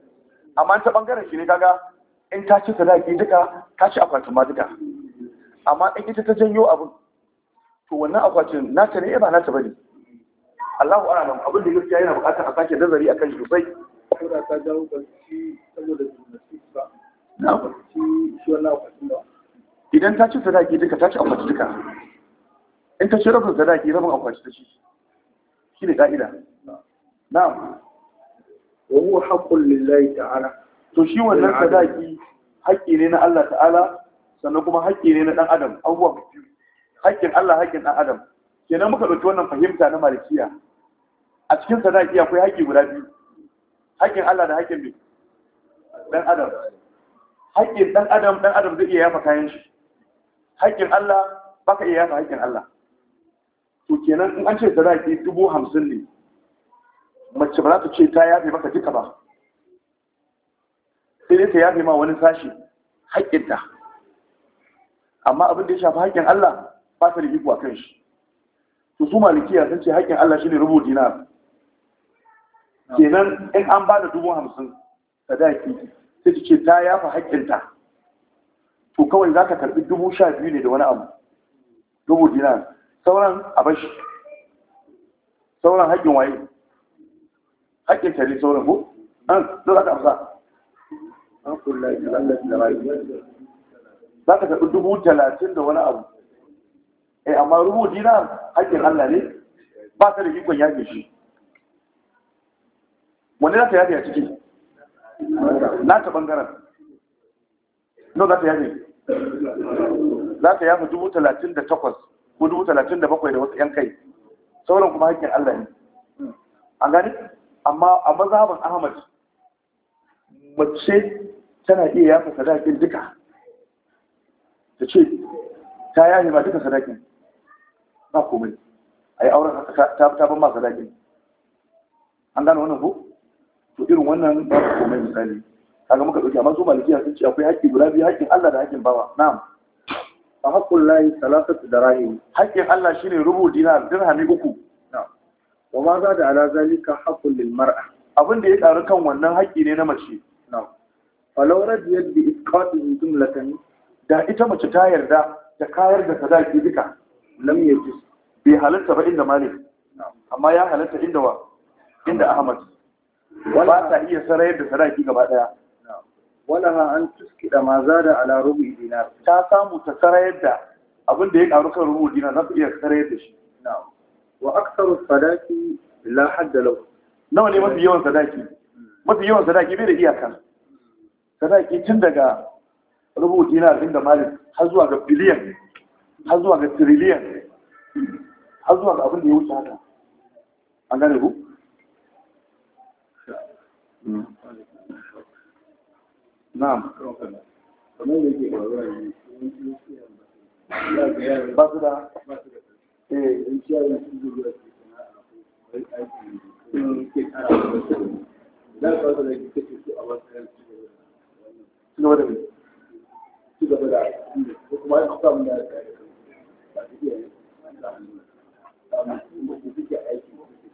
amma ta bangaren shi ne kaga in ta ci sadaki duka ta ci akwatin ma duka amma in ita ta janyo abun. to wannan akwatin nata ne eh, ba nata bane Allahu a'lam abin da gaskiya yana buƙatar a sake nazari akan shi sosai saboda ta dawo barci saboda ba na barci shi wannan akwatin ba idan ta ci sadaki duka ta ci akwatin duka in ta ci rabin sadaki rabin akwashi da shi, shi ne ka'ida na'am wa huwa haqqun lillahi ta'ala to shi wannan sadaki haƙƙi ne na Allah ta'ala sannan kuma haƙƙi ne na ɗan adam abubuwa biyu haƙƙin Allah haƙƙin ɗan adam kenan muka ɗauki wannan fahimta na malikiya a cikin sadaki akwai haƙƙi guda biyu haƙƙin Allah da haƙƙin biyu. ɗan adam haƙƙin ɗan adam ɗan adam zai iya yafa kayan shi haƙƙin Allah baka iya yafa haƙƙin Allah to kenan in an ce sadaki dubu hamsin ne mace ba za ta ce ta yafe maka duka ba sai dai ta yafe ma wani sashi haƙƙinta amma abin da ya shafi haƙƙin Allah ba ta rigi kuwa a kan shi to su malikiya sun ce haƙƙin Allah shine rubu dinar kenan in an ba da dubu hamsin sadaki sai ta ce ta yafa haƙƙinta to kawai za ka karɓi dubu sha biyu ne da wani abu dubu dinar sauran a shi, sauran haƙƙin waye haƙƙin tare sauran ko an zo za ka amsa za ka taɓi dubu talatin da wani abu eh amma rubu na, haƙƙin Allah ne ba ta da ikon yaƙe shi wani za ta yaƙe a ciki na ta ɓangaren no za ta yaƙe za ta yaƙe dubu talatin da takwas ko dubu talatin da bakwai da wasu yan kai sauran kuma hakkin Allah ne an gani amma a mazhaban Ahmad mace tana iya yafa sadakin duka ta ce ta yaye ba duka sadakin ba komai a yi auren ta ban ma sadakin an gano wannan ko to irin wannan ba komai misali kaga muka dauki amma su malikiya sun ce akwai haƙƙi guda biyu haƙƙin Allah da haƙƙin bawa na'am fa haqqullahi salasatu darahim haƙƙin Allah shine rubu dinar dirhami uku wa ma za da ala zalika haqqul lil abin da ya karu kan wannan haƙƙi ne na mace na'am falau radiyat bi isqatihi jumlatan da ita mace ta yarda da kayar da sadaki duka lam yajuz bai halatta ba inda malik amma ya halatta inda ahmad ba ta iya sarayar da sadaki gaba ɗaya. walaha an tuskida ma zada ala rubu dinar ta samu ta sarayar da abin da ya karu kan rubu dinar za su iya sarayar da shi wa aksaru sadaki la hadda lahu nawa ne mafi yawan sadaki mafi yawan sadaki bai da iyaka sadaki tun daga rubu dinar din da malik har zuwa ga biliyan har zuwa ga tiriliyan har zuwa ga abin da ya wuce haka an gane ku na'am kamar da yake ba su da eh in ciyawa da da da a da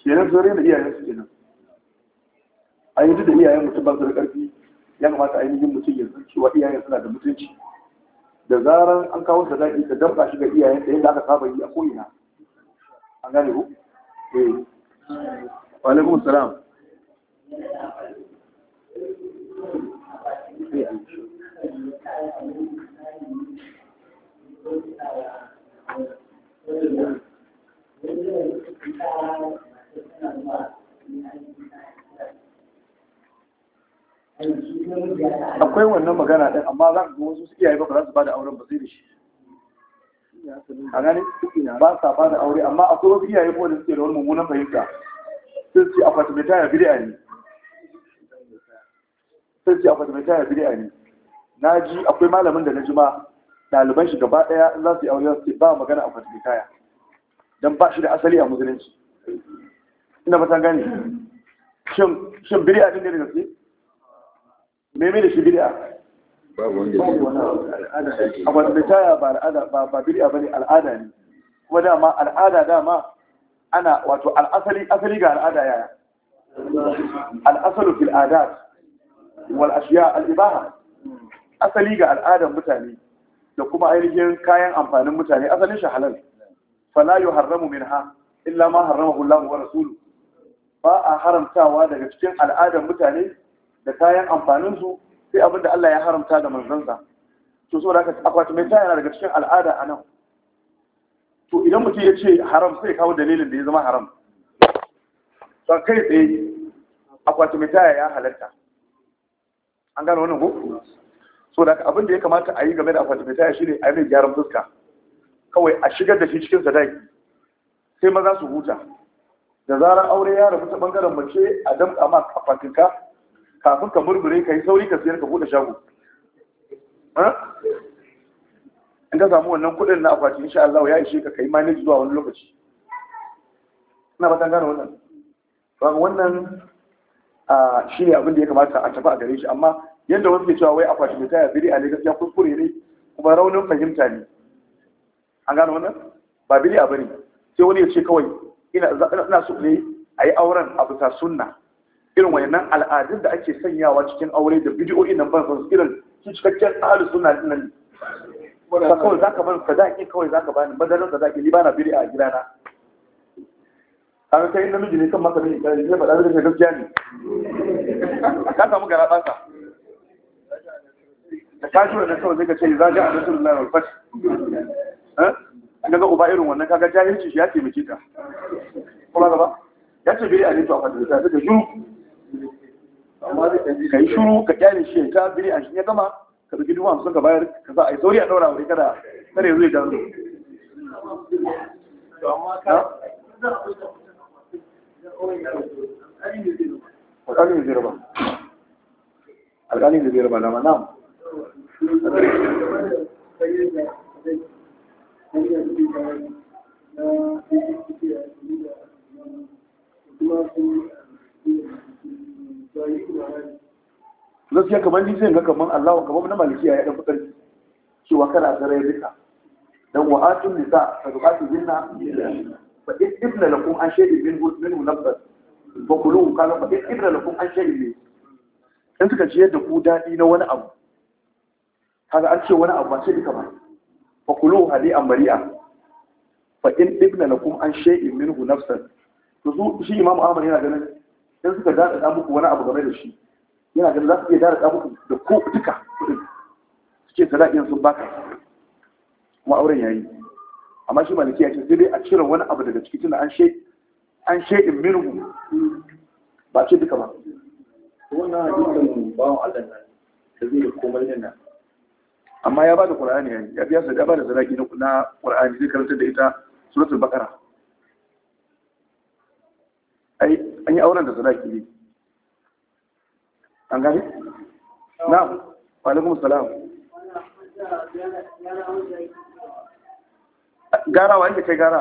da da iyayen su kenan a yanzu da iyayen mutum ba da ƙarfi ya kamata ainihin mutum ya zuci wa iyayen suna da mutunci da zarar an kawo da zaki ka dabba shi ga iyayen da yadda aka saba yi a ko'ina an gane ku eh walaikun salam Thank you. akwai wannan magana ɗin amma za ka ga wasu iyaye ba za su bada auren ba sai da shi a gani ba sa da aure amma akwai wasu iyaye ko da suke da wani mummunan fahimta sun ce akwati mai taya a ne sun ce akwati mai taya bid'a ne na ji akwai malamin da na ji ma ɗaliban shi gaba ɗaya in za su yi aure za su ce ba magana akwati mai taya don ba shi da asali a musulunci ina ba ta gane shin bid'a din ne da gaske me da shi bid'a babu wanda taya ba al'ada ba ba bid'a bane al'ada ne kuma dama al'ada dama ana wato al'asali asali ga al'ada yaya al'asalu fil adat wal ashiya al ibaha asali ga al'adan mutane da kuma ainihin kayan amfanin mutane asalin shi halal fala yuharramu minha illa ma harramahu Allah wa rasuluhu ba a haramtawa daga cikin al'adar mutane da kayan amfanin su sai abin da Allah ya haramta da manzansa to saboda haka akwati mai taya daga cikin al'ada a nan to idan mutum ya ce haram sai kawo dalilin da ya zama haram san kai tsaye akwati mai taya ya halatta an gano wannan ko saboda da abin da ya kamata a yi game da akwati mai taya shine a yi mai gyaran fuska kawai a shigar da shi cikin sadaki sai maza su huta da zarar aure ya rabu ta bangaren mace a damƙa ma kafafinka kafin ka murmure ka yi sauri ka siyar ka buɗe shago in ka samu wannan kuɗin na akwati insha Allah ya ishe ka kai manage zuwa wani lokaci ina ba ta gane wannan to wannan a shi ne abin da ya kamata a tafi a gare shi amma yadda wasu ke cewa wai akwati mai taya biri a ne gaskiya kuskure ne kuma raunin fahimta ne an gane wannan ba biri a bari sai wani ya ce kawai ina so ne a yi auren Abu ta sunna irin wayannan al'adun da ake sanyawa cikin aure da bidiyoyin nan ban su irin su cikakken tsarin suna nan ka kawai za ka bani ki kawai za ka bani madalin sadaki ni bana biri a gidana an kai namiji ne kan masa ne kai ba faɗa da gaskiya ne ka samu gara ɓata da ka jura na kawai zai ka ce za ga a nasarar lalata Na ga uba irin wannan kaga jahilci shi ya taimake ka kuma gaba ya ce biri a ne to a fadilita ta juru ka yi shuru ka kyale shi ta biri a shi ya gama ka ɗauki dubu hamsin ka bayar ka za a yi sauri a ɗaura wuri kada kada ya zo ya alƙalin zai raba alƙalin zai raba Thank you. gaskiya kamar ni zai ga kamar Allah kamar na malikiya ya dafa karfi cewa kana zare rika dan wa atun nisa sadaqatu binna fa ibna lakum an shay'in min min Ba fa kulu qala fa ibna lakum an shay'in ne. in suka ciyar da ku dadi na wani abu kaga an ce wani abu ba sai duka ba fa kulu hadi amriya fa in ibna lakum an shay'in minhu nafsan to shi imam Ahmad yana ganin in suka dada muku wani abu game da shi yana ganin za su iya dada muku da ko duka kuɗin suke talaƙin sun baka kuma auren yayi amma shi maliki ya ce sai dai a cire wani abu daga ciki tunda an she an she in minhu ba ce duka ba wannan hadisin bawon Allah ne da zai komai nan amma ya bada qur'ani ya biya sa da bada na qur'ani zai karanta da ita suratul baqara an yi auren da sadaki ne an gani? na walaikun salam gara wa inda kai gara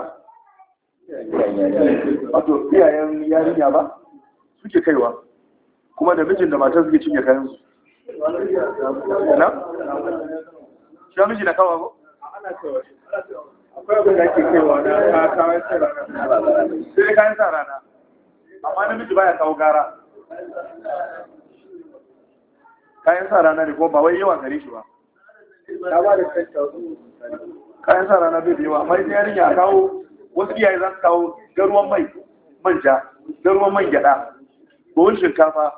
wato iyayen yarinya ba suke kaiwa kuma da mijin da matar suke cinye kayan su na? shi ya miji na kawo ko? akwai abin da ake kaiwa na kawai sai rana sai kayan sa rana amma namiji baya kawo gara kayan sa rana ne ko ba wai yawa gare shi ba kayan sa rana bai da yawa amma ita yarinya a kawo wasu iyaye za su kawo garuwan mai manja garuwan man gyada buhun shinkafa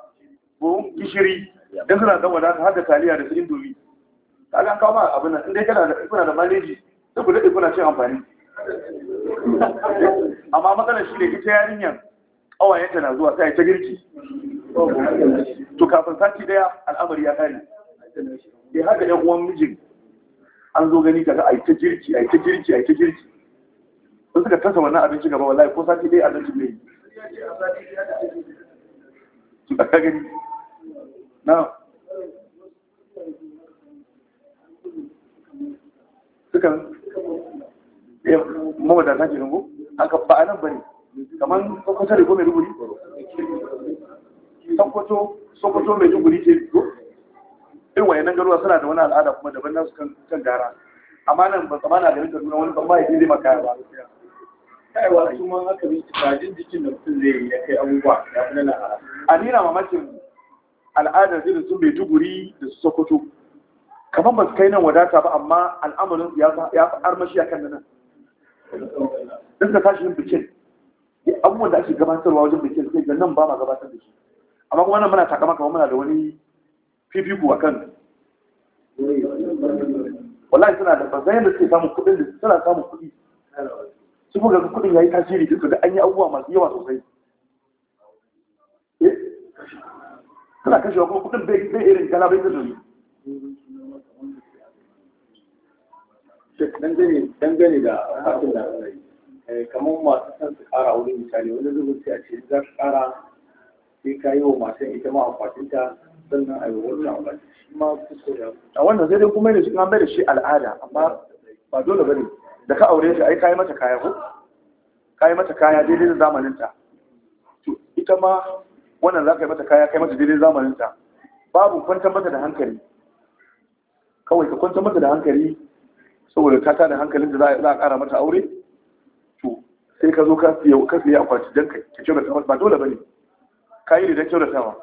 buhun gishiri don suna zama da har da taliya da su indomi ta an kawo ma abin nan in dai kana da ikuna da maleji sai ku daɗe cin amfani amma matsalar shi ne ita yarinyar Awayenta na zuwa sai ta girki to kafin sati daya al'amari ya kare ya eh, haka yan uwan mijin an zo gani kaga ai ta girki ai ta girki ai ta girki sun suka tasa wannan abinci gaba wallahi ko sati daya abinci ne su ka gani na sukan eh, mawadata ke rungu aka ba a nan bane kamar sokoto da gome rubuni sokoto sokoto mai juguri ce ko irin wayannan garuwa suna da wani al'ada kuma daban nasu kan kan gara amma nan ba tsamana da yanka nuna wani ban ma yake zai maka ba kaiwa su ma aka bi tajin jikin da mutum zai yi ya kai abubuwa ya fi nana a nina mamakin al'adar irin su mai juguri da su sokoto kamar ba su kai nan wadata ba amma al'amarin ya fi armashi a kan nan da suka tashi yin bikin duk abubuwan da ake gabatarwa wajen bikin sai ga nan ba ma gabatar da su amma kuma wannan muna takama kamar muna da wani fifiko a kan wallahi suna da bazai da suke samun kuɗin da suna samun kuɗi su kuma ga kuɗin yayi tasiri duk da an yi abubuwa masu yawa sosai eh? suna kashewa kuma kuɗin bai irin galabai bai zuri dangane da fatin da Eh, kamar masu son su ƙara wurin misali wani zubin sai a ce za su ƙara sai ka yi wa matan ita ma akwatinta sannan a yi wa wani akwatin shi ma a wannan zai dai kuma yana an bai da shi al'ada amma ba dole ba ne da ka aure ta ai kayi mata kaya ko kayi mata kaya daidai da zamaninta to ita ma wannan za ka yi mata kaya kai mata daidai zamaninta babu kwantar mata da hankali kawai ka kwantar mata da hankali saboda ta tada hankalin da za a ƙara mata aure sai ka zo ka siya akwati don ka samar, ba dole ba ne ka yi da kyautatawa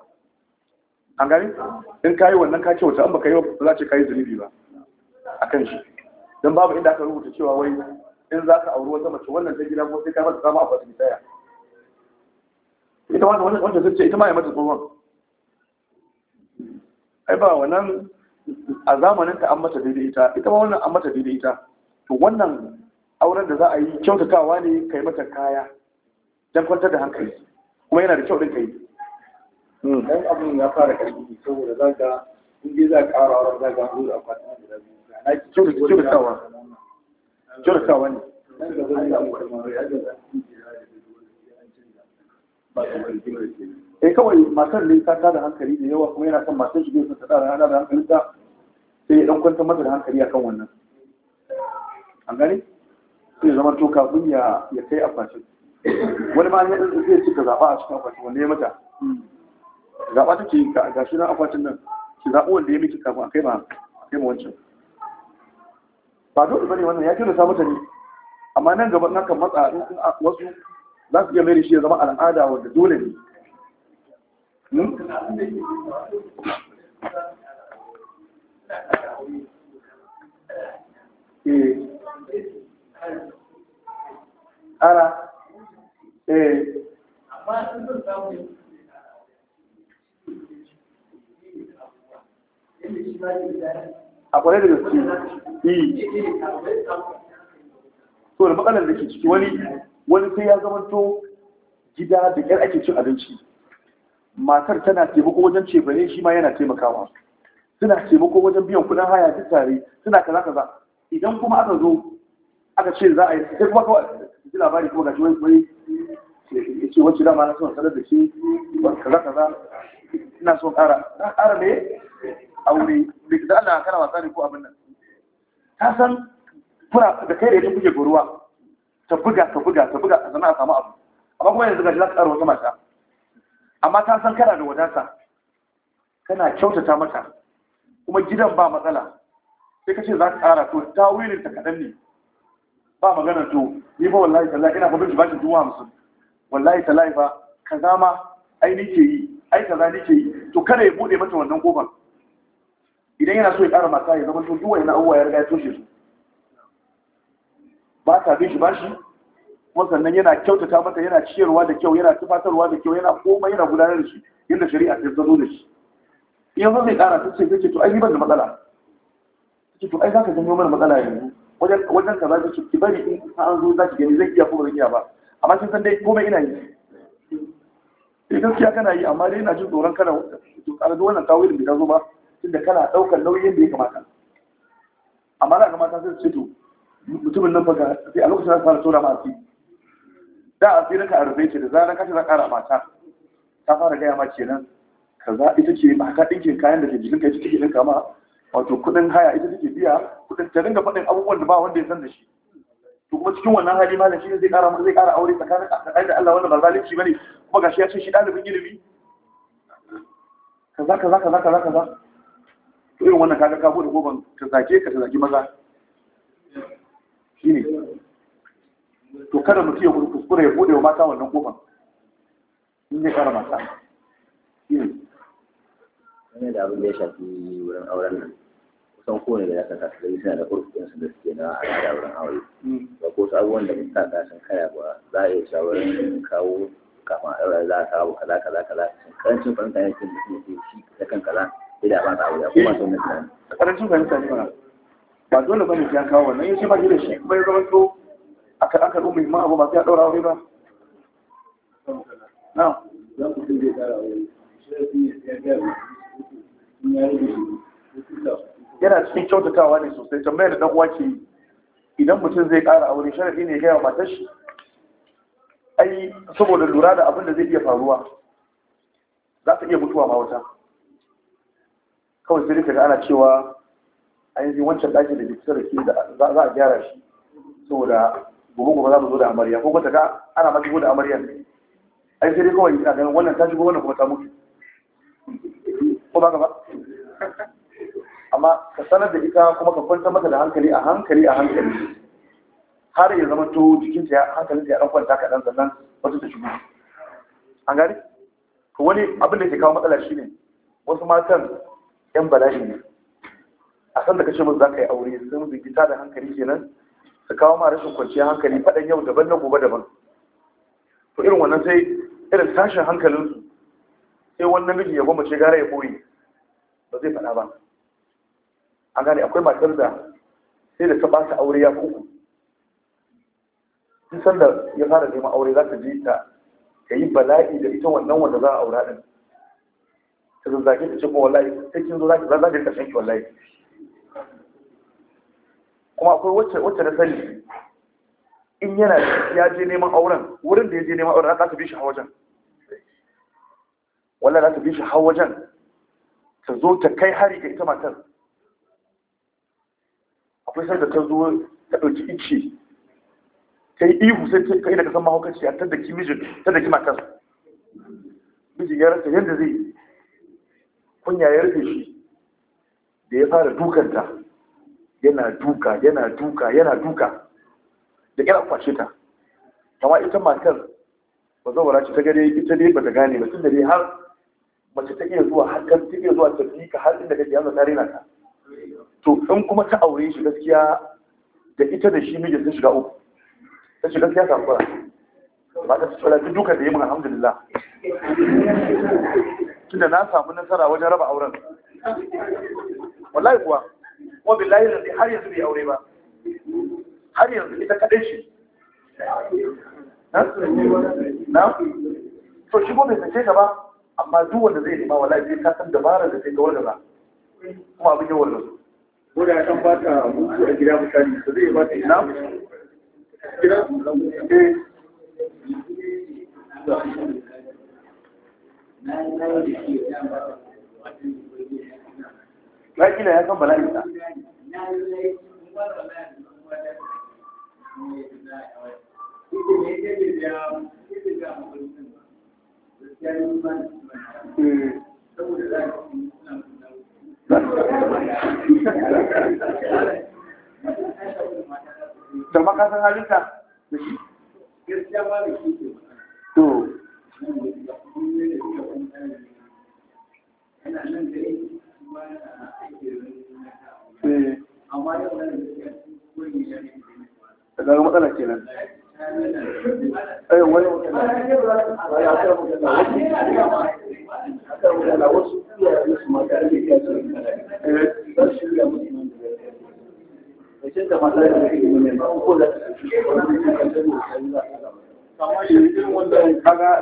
an gani in ka yi wannan ka kyauta an baka yi ba za ce ka yi zunubi ba a kan shi don babu inda aka rubuta cewa wai in za ka auri wata mace wannan ta gida ko sai ka mata sama akwati daya ita wannan wancan zai ce ita ma ya mata tsohon ai ba wannan a zamanin ta an mata daidai ita ita ma wannan an mata daidai ita to wannan auren da za a yi kyautatawa ne kai mata kaya don kwantar da hankali kuma yana da kyau din yi. Hmm. dan abun ya fara karfi saboda za ka in dai za ka ƙara auren za ka hanzo da akwatin da zai na ki kyautatawa kyautatawa ne eh kawai matar ne ta tada hankali da yawa kuma yana son matar shi zai ta tada da hankalinta sai ya dan kwantar mata da hankali akan wannan an gane sai zama to kafin ya kai akwatin wani ma ne zai ci ka zaba a cikin akwatin wanda ya mata zaba take ga shi na akwatin nan ki zaɓi wanda ya miki kafin a kai ma kai ma wancan ba dole bane wannan ya kira mata ne amma nan gaban nakan matsa in wasu za su iya mai shi ya zama al'ada wanda dole ne hmm? Eh, ara eh akwai da gaske yi to da matsalar da ke ciki wani wani sai ya zamanto gida da yar ake cin abinci matar tana taimako wajen cefane shi ma yana taimakawa suna taimako wajen biyan kuɗin haya duk tare suna kaza kaza idan kuma aka zo aka ce za a yi sai kuma kawai ji labari kuma ga shi wani ya ce wacce dama na son sanar da shi kaza kaza ina son ƙara na ƙara ne aure da da Allah kana wasa ne ko abin nan ta san kuna da kai da ya kuke goruwa ta buga ta buga ta buga a zama a samu abu amma kuma yanzu ga shi za ka ƙara wata mata amma ta san kana da wadata kana kyautata mata kuma gidan ba matsala sai ka ce za ka ƙara to ta ta kaɗan ne ba magana to ni ba wallahi tallahi ina fadin bashi dubu hamsin wallahi tallahi ba kaza ma ai ni ke yi ai kaza ni ke yi to kada ya bude mata wannan goban idan yana so ya ƙara mata ya zama to duk yana uwa ya riga ya toshe su ba ta bi shi shi kuma sannan yana kyautata mata yana ciyarwa da kyau yana tufatarwa da kyau yana komai yana gudanar da shi yadda shari'a ta zo da shi in yanzu zai kara ta ce to ai ban da matsala ce to ai za ka janyo mana matsala yanzu wajen ka za ki ki bari in an zo za ki gani zai iya kuma zai ba amma kin san dai komai ina yi sai eh, gaskiya kana yi amma dai ina jin tsoron kana to kana da wannan tawilin da ka zo ba tunda kana daukar nauyin da ya kamata amma na kamata sai ce to mutumin nan baka sai a lokacin da fara tsora ma asiri da asirin ka arzai ce da zaran ka za kara mata ta fara gaya ma kenan kaza ita ce ma ka dinkin kayan da ke kai ita ke dinka ma wato kudin haya ita take biya kudin ta dinga faɗin abubuwan da ba wanda ya san da shi to kuma cikin wannan hali malam shi ne zai ƙara zai ƙara aure tsakanin akai da Allah wanda ba zalunci bane kuma gashi ya ce shi ɗalibin ilimi kaza kaza kaza kaza kaza to irin wannan kaga ka bude goban ta zake ka ta zagi maza shine to kada mutum ya kuskure ya bude wa mata wannan goban in zai ƙara mata shine game da abin da ya shafi wurin auren nan kusan kowane da ya kasa su suna da kurkukunsu da suke na al'ada wurin aure Ba ko su abubuwan da mutum ka sun kaya ba za a iya shawarar kawo kama ɗaura za a kawo kaza kaza kaza karancin fahimta ne cikin mutum ke shi da kan kaza sai da ba ta aure kuma sau na tunani karancin fahimta ne ba ba dole ba ne ya kawo wannan yin ce ba da shi kuma ya zama to a kan aka ɗau muhimman abu ba sai a ɗaura aure ba na'am za ku sun zai tsara aure shi ya ya gaya yana cikin kyautatawa ne sosai tambayar da uwa ke yi idan mutum zai ƙara aure sharaɗi ne gaya matar shi ai saboda lura da abin da zai iya faruwa za ta iya mutuwa ma wata kawai sai rika ana cewa ainihin wancan ɗaki da kusa da ke da za a gyara shi saboda gobe gobe za mu zo da amarya ko kuma ta ga ana ma shigo da amarya ai sai dai kawai a ganin wannan ta shigo wannan kuma ta mutu ba ba amma ka sanar da ita kuma ka kwanta mata da hankali a hankali a hankali har ya zama to jikinta ya hankali ta ya dan kwanta kaɗan sannan wata ta shigo an gane? to wani abin da ke kawo matsala shi ne wasu matan yan bala'i ne a san da ka ce musu za ka yi aure sun zigita da hankali kenan su kawo ma rashin kwanciyar hankali faɗan yau daban na gobe daban to irin wannan sai irin tashin hankalinsu sai wannan miji ya gwamnati gara ya boye ba zai faɗa ba an gane akwai matar da sai da ta ba ta aure ya fi uku sanda ya fara neman aure za ta ji ta ka yi bala'i da ita wannan wanda za a aura ɗin ta zazzage ta ce ko wallahi sai kin zo za ki za ki ƙarshen ki wallahi kuma akwai wacce wacce na sani in yana ya je neman auren wurin da ya je neman auren za ta bi shi har wajen wallahi za ta bi shi har wajen ta zo ta kai hari ga ita matar akwai sai da ta zo ta ɗauki ice ta yi ihu sai ta kai daga san mahaukaci a daki mijin ta daki matar mijin ya rasa yadda zai kunya ya rufe shi da ya fara dukanta yana duka yana duka yana duka da kira kwashe ta kama ita matar ba zaura ce ta gare ita dai ba ta gane ba tun da dai har mace ta iya zuwa har ta iya zuwa ta fi ka har inda kake yanzu ta rena ka to in kuma ta aure shi gaskiya da ita da shi miji sun shiga uku ta shiga gaskiya ta kura ba ta tsara duk duka da yi mun alhamdulillah tunda na samu nasara wajen raba auren wallahi kuwa kuma billahi da har yanzu bai aure ba har yanzu ita kadai shi na? to shi ko bai sace ka ba amma duk wanda zai nema wala zai kasan dabara da sai ka ba, kuma abin ya wargaza ko da kan ba ta mutu a gida misali to zai ba ta ina gida eh na shi ya san bala'i ta Thank ta. da makasan halinka da shi to matsala kenan kaga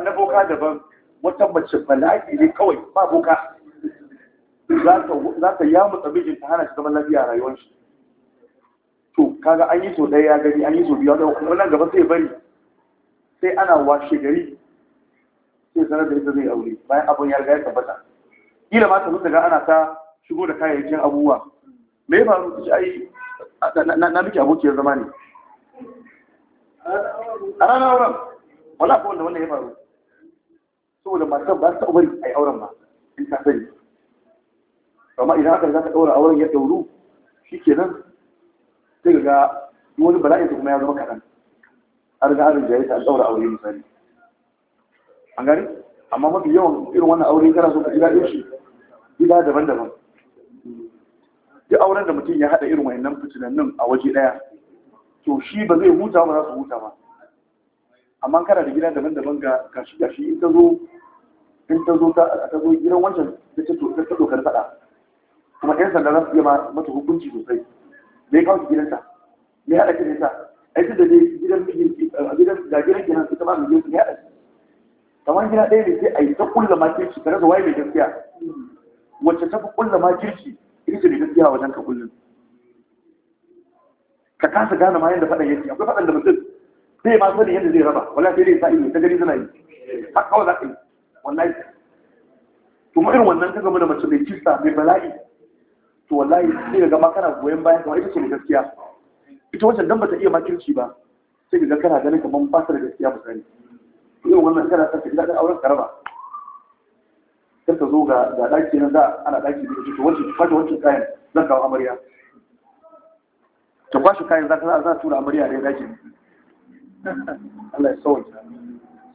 na boka daban wata mace bala'i ne kawai ba boka za ta yamutsa mijinta hana shi zaman lafiya a rayuwar shi to kaga an yi so ɗaya ya gani an yi so biyu wannan gaba sai bari sai ana washe gari sai sanar da ita zai aure bayan abin ya riga ya tabbata kila ma ta zuta ga ana ta shigo da kayayyakin abubuwa me ya faru ta ai na miki abokiyar zama ne a ranar auren wala ko wanda wannan ya faru saboda matan ba su taɓa bari a yi auren ba in ta sani amma idan aka za ta ɗaura auren ya ɗauru shi kenan sai ga wani bala'i su kuma ya zama kaɗan an da ya yi ta an ɗaura aure misali an gani amma mafi yawan irin wannan aure kana so ka ji daɗin shi gida daban-daban duk auren da mutum ya haɗa irin wayannan fitinannin a waje ɗaya to shi ba zai huta ba za su huta ba amma kana da gida daban-daban ga gashi gashi in ta zo in ta zo ta zo gidan wancan ta ce to ta dokar faɗa kuma 'yan sanda za su iya mata hukunci sosai me kawo gidansa me haɗa ki da ita ai duk da dai gidan eh, gidan da gidan gidan ita ma mu je ya haɗa kamar gida ɗaya ne sai a yi ta ƙulla ma kirki ka rasa waye mai gaskiya wacce ta fi ƙulla ma kirki ita ce mai gaskiya wajen ka kullum ka kasa gane ma yadda faɗa yake akwai faɗan da mutum zai ma sani yadda zai raba wala sai dai sa ido ta gani suna yi har kawai za ka yi wallahi to mu irin wannan kaga mu da mace mai kista mai bala'i to wallahi sai ga ma kana goyon bayan kamar ita ce mai gaskiya ita wancan dan bata iya makirci ba sai ga kana ganin kamar ba ta da gaskiya ba sai yau wannan kana san ka gidan auren karaba kar ka zo ga ga daki nan da ana daki da to wancan kwashe wancan kayan zan kawo amarya to kwashi kayan za ka za tura amarya ne daki Allah ya sauya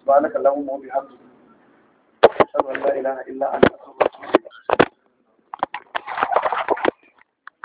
subhanaka allahumma wa bihamdika ashhadu an la ilaha illa anta